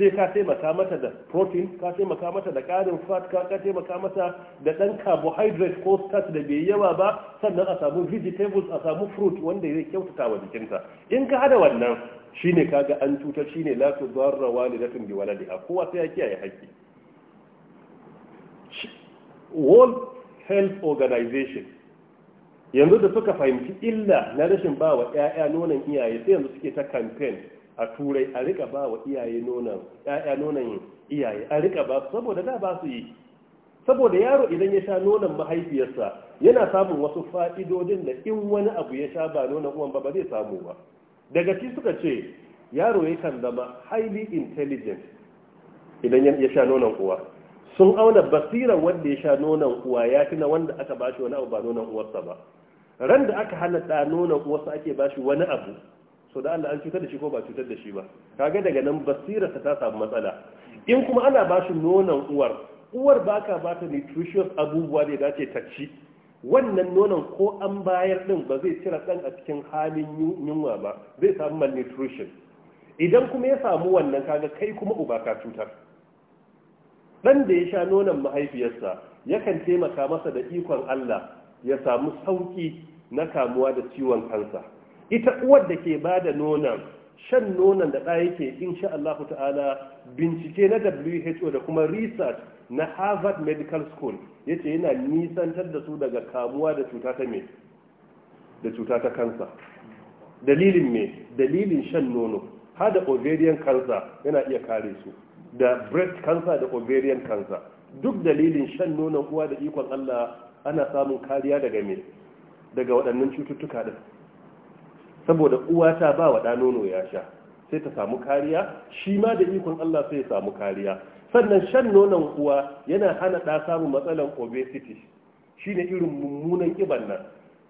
sai ka taimaka mata da protein ka taimaka mata da karin fat ka sai taimaka mata da dan carbohydrate ko starch da bai yawa ba sannan a samu vegetables a samu fruit wanda zai kyautata wa jikinta in ka hada wannan shine ga an cutar shine la tudarra walidatun bi waladiha kowa sai ya kiyaye hakki. world health organization yanzu da suka fahimci illa na rashin ba wa 'ya'ya nonon iyaye sai yanzu suke ta campaign a turai a rika ba wa iyaye nonon 'ya'ya nonon iyaye a rika ba saboda da ba su yi saboda yaro idan ya sha nonon mahaifiyarsa yana samun wasu fa'idodin da in wani abu ya sha ba nonon uwan ba ba zai samu ba daga ci suka ce yaro yakan zama highly intelligent idan ya sha nonon uwa sun auna basirar wanda ya sha nonon uwa ya fi na wanda aka bashi wani abu ba nonon uwarsa ba ran da aka halatta nonon uwarsa ake bashi wani abu so da Allah an cutar da shi ko ba cutar da shi ba kaga daga nan basirarsa ta samu matsala in kuma ana bashi nonon uwar uwar ba ka ba ta nutritious abubuwa da ya dace ta ci wannan nonon ko an bayar din ba zai cira ɗan a cikin halin yunwa ba zai samu malnutrition idan kuma ya samu wannan kaga kai kuma uba ka cutar dan da ya sha nonon mahaifiyarsa yakan taimaka masa da ikon Allah ya samu sauki na kamuwa da ciwon kansa ita uwar da ke ba da nonon shan nonon da ɗaya yake insha Allah ta'ala bincike na WHO da kuma research na Harvard Medical School yace yana nisantar da su daga kamuwa da cuta ta me da cuta ta kansa dalilin me dalilin shan nono hada ovarian cancer yana iya kare su da breast cancer da ovarian cancer duk dalilin shan nonon uwa da ikon Allah ana samun kariya daga me daga waɗannan cututtuka din saboda uwa ta ba wa nono ya sha sai ta samu kariya shi ma da ikon Allah sai ya samu kariya sannan shan nonon uwa yana hana ɗa samun matsalan obesity shine irin mummunan kiban nan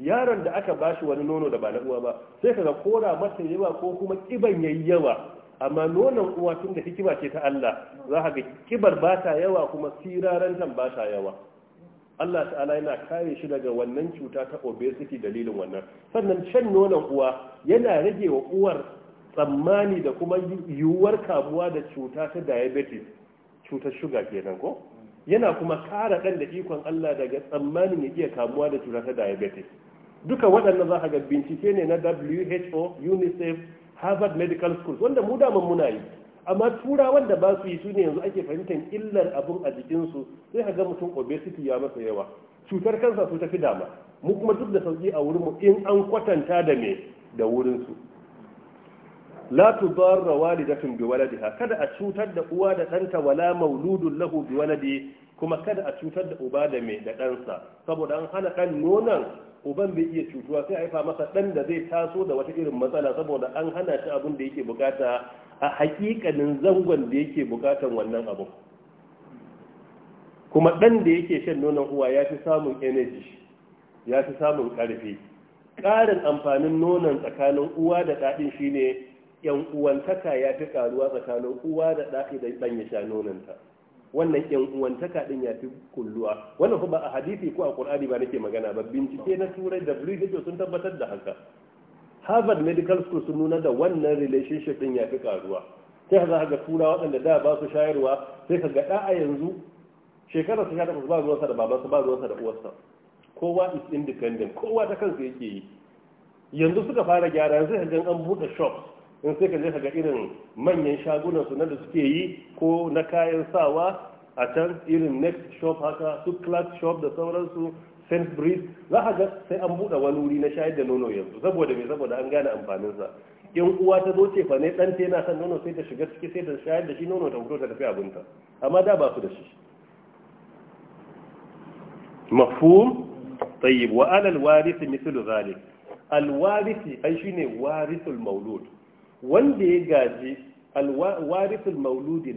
yaron da aka bashi wani nono da ba na uwa ba sai kaga kora masa yawa ko kuma kiban yayi yawa amma nonon uwa tun da hikima ce ta Allah za ka ga kibar ba ta yawa kuma siraran nan ba ta yawa Allah ta'ala yana kare shi daga wannan cuta ta obesity dalilin wannan sannan shan nonon uwa yana rage wa uwar tsammani da kuma yiwuwar kamuwa da cuta ta diabetes cutar shuga kenan ko yana kuma kare ɗan da ikon Allah daga tsammanin ya iya kamuwa da cuta ta diabetes duka waɗannan za ka ga bincike ne na WHO UNICEF harvard medical school wanda mu daman muna yi amma tura wanda ba su yi su ne yanzu ake fahimtar illar abun a jikinsu sai ka ga mutum obesity ya masa yawa cutar kansa su tafi dama mu kuma duk da sauki a wurin mu in an kwatanta da me da wurinsu la darra walidatun bi waladiha kada a cutar da uwa da ɗanta wala mauludun lahu bi waladi kuma kada a cutar da uba da me da ɗansa saboda an hana kan nonon uban bai iya cutuwa sai haifa masa ɗan da zai taso da wata irin matsala saboda an hana shi abin da yake bukata a hakikanin zangon da yake bukatan wannan abun. kuma ɗan da yake shan nonon uwa ya fi samun energy ya fi samun ƙarfi ƙarin amfanin nonon tsakanin uwa da ɗaɗin shine yan uwantaka ya fi karuwa tsakanin uwa da ɗaɗi da ɗan ya sha nonon ta. wannan yan uwantaka din ya fi kulluwa wannan kuma a hadisi ko a qur'ani ba nake magana ba bincike na turai WHO sun tabbatar da haka Harvard Medical School sun nuna da wannan relationship din ya fi karuwa sai ka ga tura waɗanda da ba su shayarwa sai ka ga da a yanzu shekarar su shata ba ruwansa da babansa ba ruwansa da uwarsa kowa is independent kowa ta kansa yake yi yanzu suka fara gyara yanzu ka ga an buɗe shops in sai ka je ka ga irin manyan shagunan su na da suke yi ko na kayan sawa a can irin next shop haka su clark shop da sauransu bris za a ga sai an buɗe wani wuri na shayar da nono yanzu saboda mai saboda an gane amfaninsa in uwa ta zo ce fa ne ɗan ta yana son nono sai ta shiga ciki sai ta shayar da shi nono ta fito ta tafi abinta amma da ba su da shi mafhum tayyib wa alal warith mithlu zalik al ai shine warithul maulud wanda ya gaji alwarithul mauludi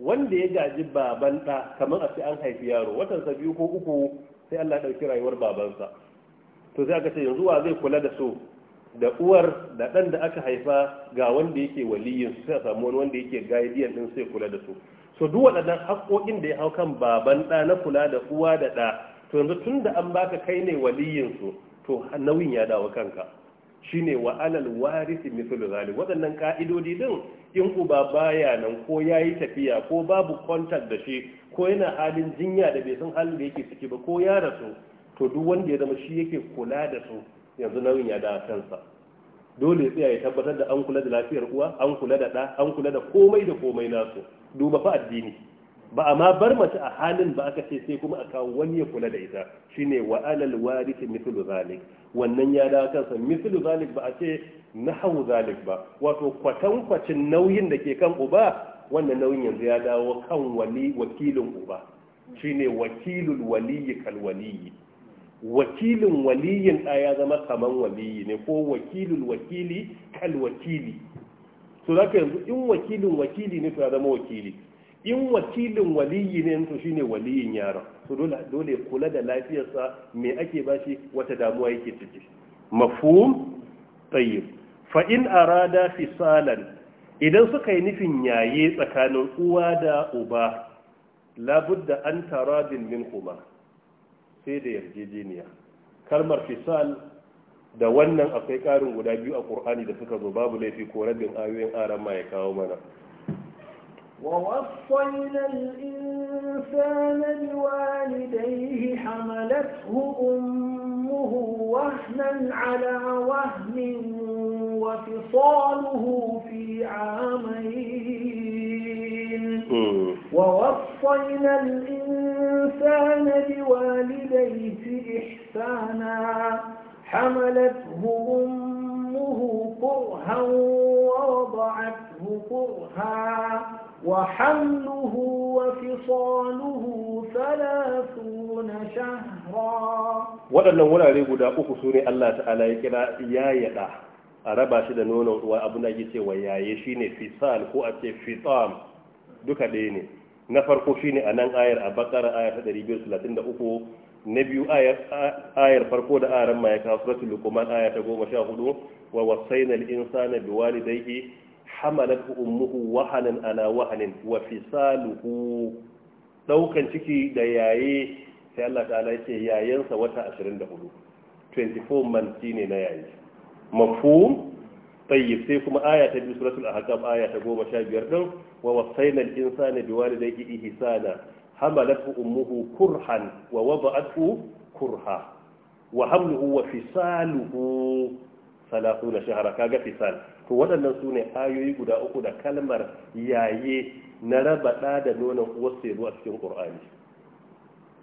wanda ya gaji baban ɗa kamar a sai an haifi yaro watansa biyu ko uku sai Allah dauki rayuwar babansa to sai aka ce yanzu wa zai kula da su da uwar da dan da aka haifa ga wanda yake waliyin sai a samu wani wanda yake gaidiyan din sai kula da su so duk waɗannan haƙoƙin da ya hau kan baban da na kula da uwa da da to yanzu tun da an baka kai ne waliyin su to nauyin ya dawo kanka shine wa alal warisi mithlu zali waɗannan ka'idodi din in uba baya nan ko ya yi tafiya ko babu kwantar da shi ko yana halin jinya da bai san halin da yake ciki ba ko ya rasu to duk wanda ya zama shi yake kula da su yanzu nauyin ya da kansa dole ya tsaya ya tabbatar da an kula da lafiyar uwa an kula da ɗa an kula da komai da komai nasu duba fa addini ba a ma bar mace a halin ba aka ce sai kuma a kawo wani ya kula da ita shine wa alal warisi mithlu zalik wannan ya da kansa mislu zalik ba a ce nahwu zalik ba wato kwatan kwacin nauyin da ke kan uba wannan nauyin yanzu ya dawo kan wali wakilin uba shine wakilul waliyyi kal waliyyi wakilin waliyin ɗaya ya zama kaman waliyi ne ko wakilul wakili kal wakili to zaka yanzu in wakilin wakili ne to ya zama wakili in wakilin waliyi ne to shine waliyin yaron to dole kula da lafiyarsa me ake ba shi wata damuwa yake ciki mafhum tayyib fa in arada fisalan idan suka yi nufin yaye tsakanin uwa da uba labudda an taradin min kuma sai da yarjejeniya kalmar fisal da wannan akwai karin guda biyu a qur'ani da suka zo babu laifi ko rabin ayoyin aran ma ya kawo mana ووصينا الإنسان بوالديه حملته أمه وهنا على وهن وفصاله في عامين ووصينا الإنسان بوالديه إحسانا حملته أمه كرها ووضعته كرها وحمله وفصاله ثلاثون شهرا waɗannan wurare guda uku su ne Allah ta'ala ya kira yayaɗa a raba shi da nonon uwa abin da ake cewa yaye shine fisal ko a ce fitam duka ɗaya ne na farko shine a nan ayar a bakara ayar ta 233 na biyu ayar farko da aran ma ya kawo suratul luqman aya ta 14 wa wasaina al insana biwalidayhi hamalat ummuhu wahanan ala wahanin wa fisaluhu daukan ciki da yaye sai Allah ta'ala yake yayensa wata 24 24 manti ne na yaye mafhum tayyib sai kuma aya ta biyu suratul ahqaf aya ta 15 din wa wasayna al-insana biwalidayhi ihsana hamalat ummuhu kurhan wa wada'athu kurha wa hamluhu wa fisaluhu salatu na shahara kaga fisal to waɗannan su ne ayoyi guda uku da kalmar yaye na raba ɗa da nonon uwar ya a cikin ƙur'ani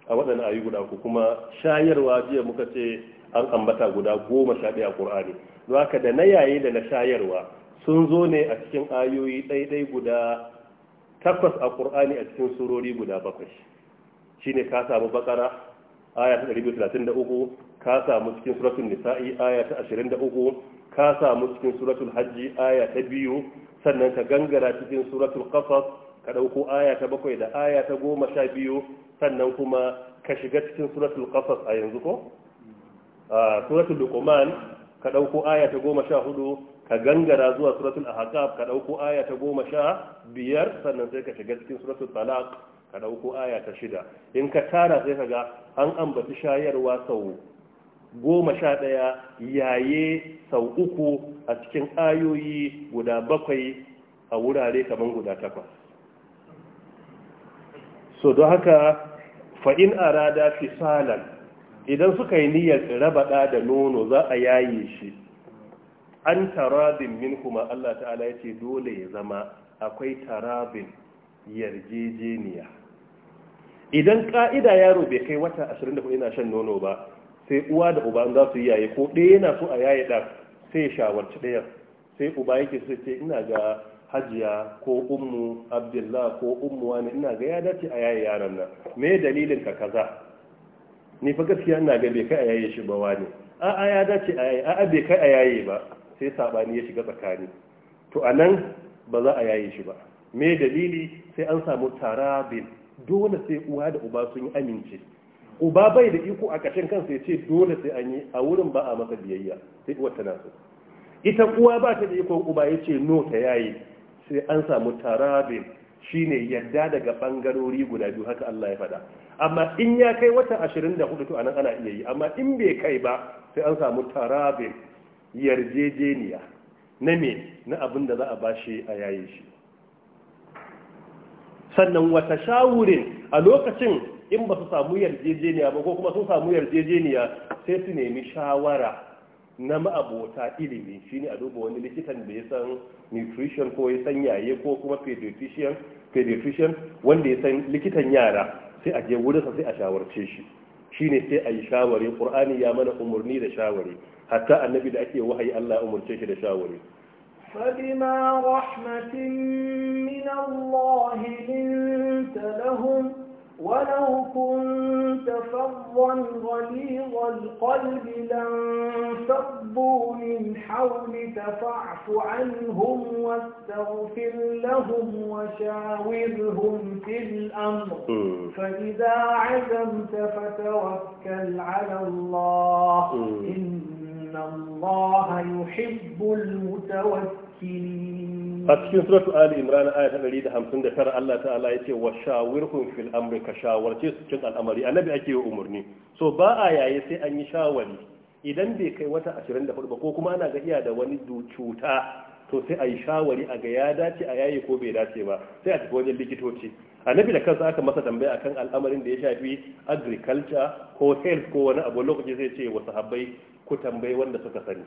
a waɗannan ayoyi guda uku kuma shayarwa jiya muka ce an ambata guda goma sha ɗaya a ƙur'ani don haka da na yaye da na shayarwa sun zo ne a cikin ayoyi ɗaiɗai guda takwas a ƙur'ani a cikin surori guda bakwai shine ka samu bakara aya ta 133 ka samu cikin suratul nisa'i aya ta 23 ka samu cikin suratul hajji aya ta biyu sannan ka gangara cikin suratul qasas ka dauko aya ta bakwai da aya ta goma sha biyu sannan kuma ka shiga cikin suratul qasas a yanzu ko suratul luqman ka dauko aya ta goma sha hudu ka gangara zuwa suratul ahqaf ka dauko aya ta goma sha biyar sannan sai ka shiga cikin suratul talaq ka dauko aya ta shida in ka tara sai ka ga an ambaci shayarwa sau goma sha ɗaya yaye sau uku a cikin ayoyi guda bakwai a wurare kamar guda takwas so don haka fa'in arada fisalan idan suka yi niyyar raba ɗa da nono za a yaye shi an tarabin min kuma Allah ta'ala ya ce dole ya zama akwai tarabin yarjejeniya idan ƙa'ida yaro bai kai wata 24 na shan nono ba sai uwa da uba za su yaye ko ɗaya yana so a yaye ɗan sai ya shawarci ɗayan sai uba yake so ce ina ga hajiya ko ummu abdullah ko ummu wani ina ga ya dace a yaye yaron nan me dalilin ka kaza ni fa gaskiya ina ga bai kai a yaye shi ba wani a a ya dace a yaye a a bai kai a yaye ba sai sabani ya shiga tsakani to anan ba za a yaye shi ba me dalili sai an samu tarabin dole sai uwa da uba sun yi amince uba bai da iko a kashin kansa ya ce dole sai an yi a wurin ba a masa biyayya sai uwar ta so ita uwa ba ta da iko uba ya ce no ta yayi sai an samu tarabin shine yadda daga bangarori guda biyu haka Allah ya faɗa amma in ya kai wata 24 to anan ana iya yi amma in bai kai ba sai an samu tarabin yarjejeniya na me na abin da za a bashi a yayi shi sannan wata shawurin a lokacin in ba su samu yarjejeniya ba ko kuma sun samu yarjejeniya sai su nemi shawara na ma'abota ilimi shine a duba wani likitan da ya san nutrition ko ya san yaye ko kuma pediatrician pediatrician wanda ya san likitan yara sai a je wurinsa sai a shawarce shi shine sai a yi shawari qur'ani ya mana umarni da shawari hatta annabi da ake wahayi Allah umarce shi da shawari فبما رحمة من الله لنت لهم ولو كنت فظا غليظ القلب لانفضوا من حولك فاعف عنهم واستغفر لهم وشاورهم في الأمر فإذا عزمت فتوكل على الله إن الله يحب المتوكلين a cikin suratu ali imran ayat 159 Allah ta'ala yace wa shawirhum fil amri ka shawarce su cikin al'amari annabi ake yi umurni so ba a yaye sai an yi shawari idan bai kai wata 24 ba ko kuma ana ga iya da wani cuta to sai a yi shawari a ga ya dace a yayi ko bai dace ba sai a tafi wajen likitoci annabi da kansa aka masa tambaya akan al'amarin da ya shafi agriculture ko health ko wani abu lokaci zai ce wa sahabbai ku tambayi wanda suka sani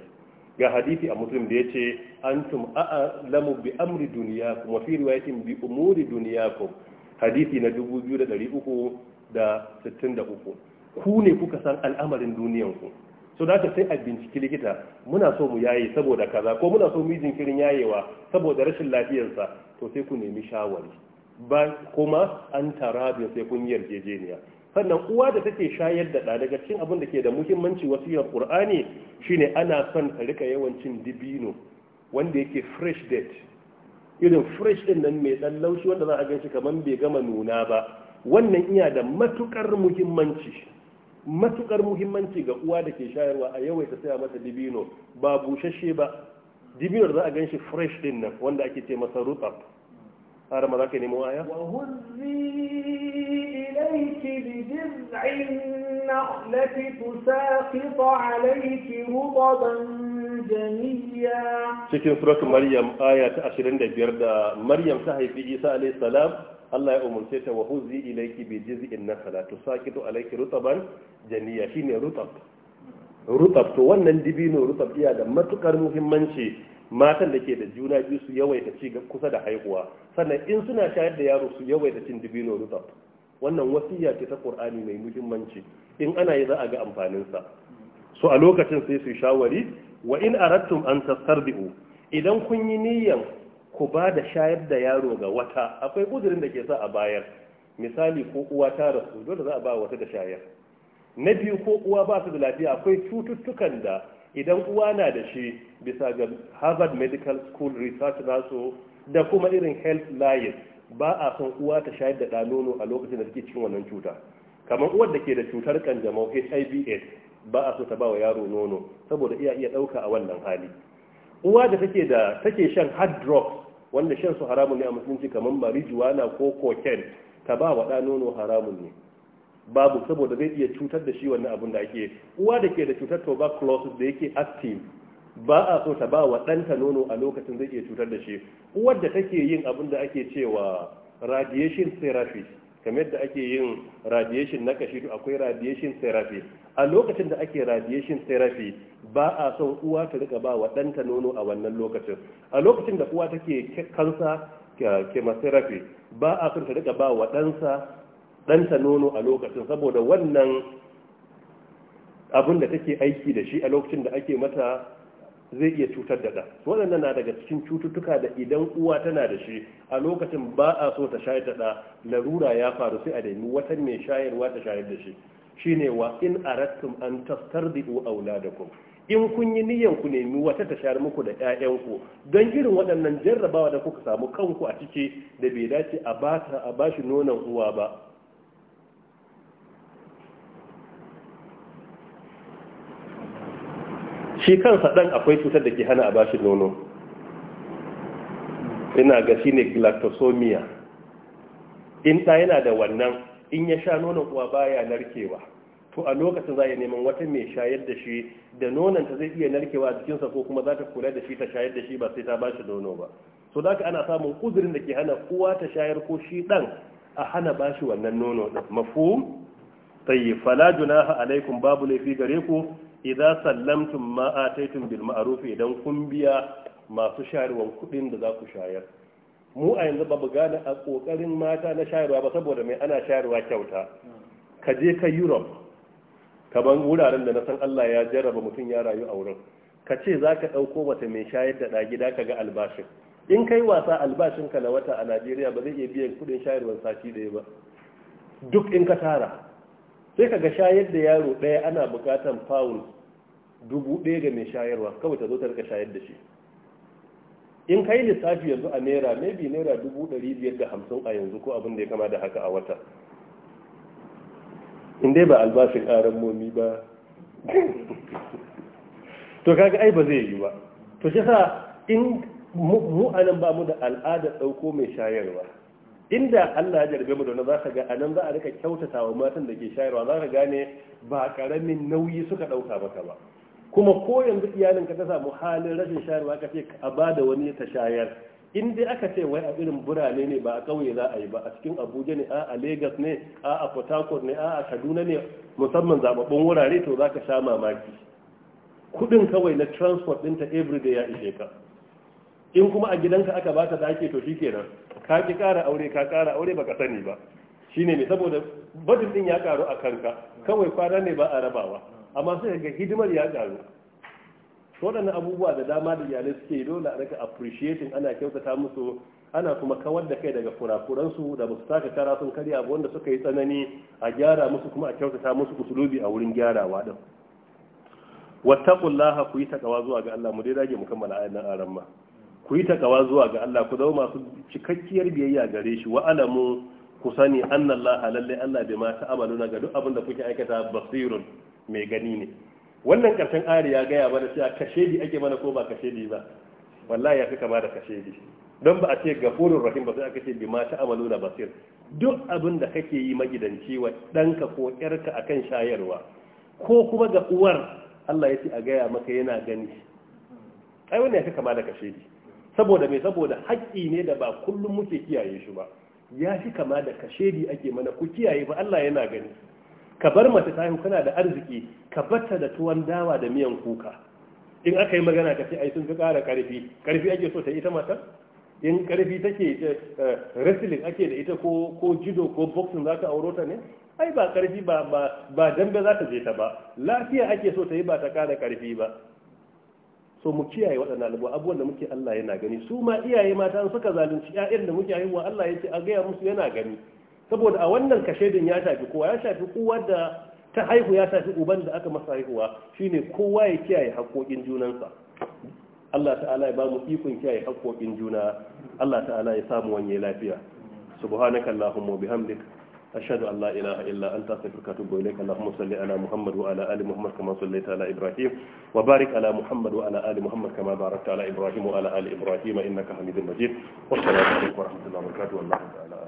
ga hadisi a muslim da ya ce antum a'lamu bi amri duniyakum wa fi riwayatin bi umuri duniyakum hadisi na 2363 ku ne kuka san al'amarin duniyanku so da sai a binciki likita muna so mu yaye saboda kaza ko muna so mu jinkirin yayewa saboda rashin lafiyarsa to sai ku nemi shawari ba kuma an tara sai kun yarjejeniya sannan uwa da take shayar da ɗa daga cikin abin da ke da muhimmanci wasiyar qur'ani shine ana son ka rika yawancin dibino wanda yake fresh date irin fresh din nan mai dan laushi wanda za a gan shi kamar bai gama nuna ba wannan iya da matukar muhimmanci matukar muhimmanci ga uwa da ke shayarwa a yawai ta saya mata dibino ba bushashe ba dibino da za a gan shi fresh din nan wanda ake ce masa har ma za ka nemo aya wa huzzi ilayki bi jiz'in nakhlati tusaqit alayki hudaban cikin suratul maryam aya ta 25 da maryam ta haifi isa alayhi Allah ya umarce ta wa huzi ilayki bi jiz'in nakhla tusaqitu alayki rutaban janiya shine rutab to wannan dibino rutab iya da matukar muhimmanci matan da ke da juna biyu su yawaita ci kusa da haihuwa sannan in suna shayar da yaro su yawaita cin dibino rutab wannan wasiya ce ta qur'ani mai muhimmanci in ana yi za a ga amfanin sa so a lokacin sai su shawari wa in rattun an biyu. idan kun yi niyyan ku ba da shayar da yaro ga wata akwai uzurin da ke sa a bayar misali ko uwa ta rasu dole za a ba wata da shayar na biyu ko uwa ba su da lafiya akwai cututtukan da idan uwa na da shi bisa ga harvard medical school research nasu da kuma irin health lion ba a son uwa ta shayar da ɗa nono a lokacin da suke cikin wannan cuta kamar uwar da ke da cutar kanjamau hiv ba a so ta ba wa yaro nono saboda iya iya ɗauka a wannan hali uwa da take da take shan hard drugs wanda shan su haramun ne a musulunci kamar marijuana ko cocaine ta ba wa ɗa nono haramun ne babu saboda zai iya cutar da shi wannan abun da ake uwa da ke da cutar tuberculosis da yake active ba a so ta ba wa ɗanta nono a lokacin zai iya cutar da shi uwar da take yin abun da ake cewa radiation therapy kamar yadda ake yin radiation na kashi akwai radiation therapy a lokacin da ake radiation therapy ba a son uwa ta rika ba wa ɗanta nono a wannan lokacin a lokacin da uwa take kansa chemotherapy ba a so ta rika ba wa ɗansa ɗanta nono a lokacin saboda wannan abin da take aiki da shi a lokacin da ake mata zai iya cutar da ɗa waɗannan na daga cikin cututtuka da idan uwa tana da shi a lokacin ba a so ta shayar da ɗa larura ya faru sai a daimi wata mai shayarwa ta shayar da shi shine wa in arattum an da da auladakum in kun yi niyyar ku nemi wata ta shayar muku da ƴaƴanku don irin waɗannan jarrabawa da kuka samu kanku a ciki da bai dace a ba a bashi nonon uwa ba shi kansa ɗan akwai cutar da ke hana a bashi nono ina ga shi ne glactosomia in ɗa yana da wannan in ya sha nonon kuwa baya narkewa to a lokacin za a neman wata mai shayar da shi da nonon ta zai iya narkewa a jikinsa ko kuma za ta kula da shi ta shayar da shi ba sai ta ba shi nono ba so da ana samun uzurin da ke hana uwa ta shayar ko shi ɗan a hana ba shi wannan nono ɗin mafhum tayyib fala ha alaikum babu laifi gare ku idza sallamtum ma ataytum bil ma'ruf idan kun biya masu shayarwar kudin da za ku shayar mu a yanzu babu gane a kokarin mata na shayarwa ba saboda mai ana shayarwa kyauta ka je ka Europe ban wuraren da na san Allah ya jarraba mutum ya rayu a wurin ka ce za ka ɗauko wata mai shayar da ɗa gida ka ga albashin in kai wasa albashin ka na wata a Najeriya ba zai iya biyan kuɗin shayarwar sati da ba duk in ka tara sai ga shayar da yaro ɗaya ana bukatan pound dubu ɗaya ga mai shayarwa kawai ta zo ta rika shayar da shi in kai lissafi yanzu a naira maybe naira dubu ɗari biyar da hamsin a yanzu ko abin da ya kama da haka a wata in ba albashin ƙaran momi ba to kaga ai ba zai yi ba to shi sa in mu anan ba mu da al'adar ɗauko mai shayarwa inda Allah ya jarbe mu da wani za ka ga anan za a rika kyautata wa matan da ke shayarwa za ka gane ba karamin nauyi suka ɗauka maka ba kuma ko yanzu iyalin ka ta samu halin rashin shayarwa ka ce a ba da wani ta shayar in dai aka ce wai a irin burane ne ba a kauye za a yi ba a cikin abuja ne a a lagos ne a a port harcourt ne a a kaduna ne musamman zababbun wurare to za ka sha mamaki kuɗin kawai na transport ɗinta everyday ya ishe ka in kuma a gidanka aka ba bata daki to shi kenan ka ki kara aure ka kara aure baka sani ba shine ne saboda budget din ya karu a kanka kawai kwana ne ba a rabawa amma sai ga hidimar ya karu waɗannan abubuwa da dama da iyalai suke dole a rika appreciating ana kyautata musu ana kuma kawar da kai daga kurakuransu da ba su saka kara sun karya ba wanda suka yi tsanani a gyara musu kuma a kyautata musu usulubi a wurin gyarawa din wattaqullaha ku yi takawa zuwa ga Allah mu dai dage mu kammala ayan nan ku yi takawa zuwa ga Allah ku zama masu cikakkiyar biyayya gare shi wa alamu ku sani annallaha lalle Allah bai ma ta'amaluna ga duk abin da kuke aikata basirun mai gani ne wannan karshen ayar ya gaya mana cewa kashedi ake mana ko ba kashedi ba wallahi ya fi kama da kashedi don ba a ce gafurur rahim ba sai aka ce bima ta'amaluna basir duk abin da kake yi magidanci wa danka ko ƴarka akan shayarwa ko kuma ga uwar Allah ya ce a gaya maka yana gani ai wannan ya fi kama da kashedi saboda mai saboda haƙƙi ne da ba kullum muke kiyaye shi ba ya fi kama da kashedi ake mana ku kiyaye ba Allah yana gani ka bar mace ta kana da arziki ka batta da tuwon dawa da miyan kuka in aka yi magana ka ce ai sun fi ƙara ƙarfi ƙarfi ake so ta ita matar in ƙarfi take eh, wrestling ake da ita ko ko judo ko boxing za ka auro ta ne ai ba ƙarfi ba ba dambe za ta je ta ba lafiya ake so ta yi ba ta ƙara ƙarfi ba so mu kiyaye waɗannan albu abubuwan da muke Allah yana gani su ma iyaye mata suka zalunci ƴaƴan da muke haihuwa Allah yake a gaya musu yana gani saboda a wannan kashedin ya shafi kowa ya shafi kowa da ta haihu ya shafi uban da aka masa haihuwa shine kowa ya kiyaye haƙoƙin junansa Allah ta'ala ya ba mu ikon kiyaye haƙoƙin juna Allah ta'ala ya samu wani lafiya subhanakallahumma bihamdika أشهد أن لا إله إلا أنت أستغفرك وأتوب إليك اللهم صل على محمد وعلى آل محمد كما صليت على إبراهيم وبارك على محمد وعلى آل محمد كما باركت على إبراهيم وعلى آل إبراهيم إنك حميد مجيد والسلام عليكم ورحمة الله وبركاته والله تعالى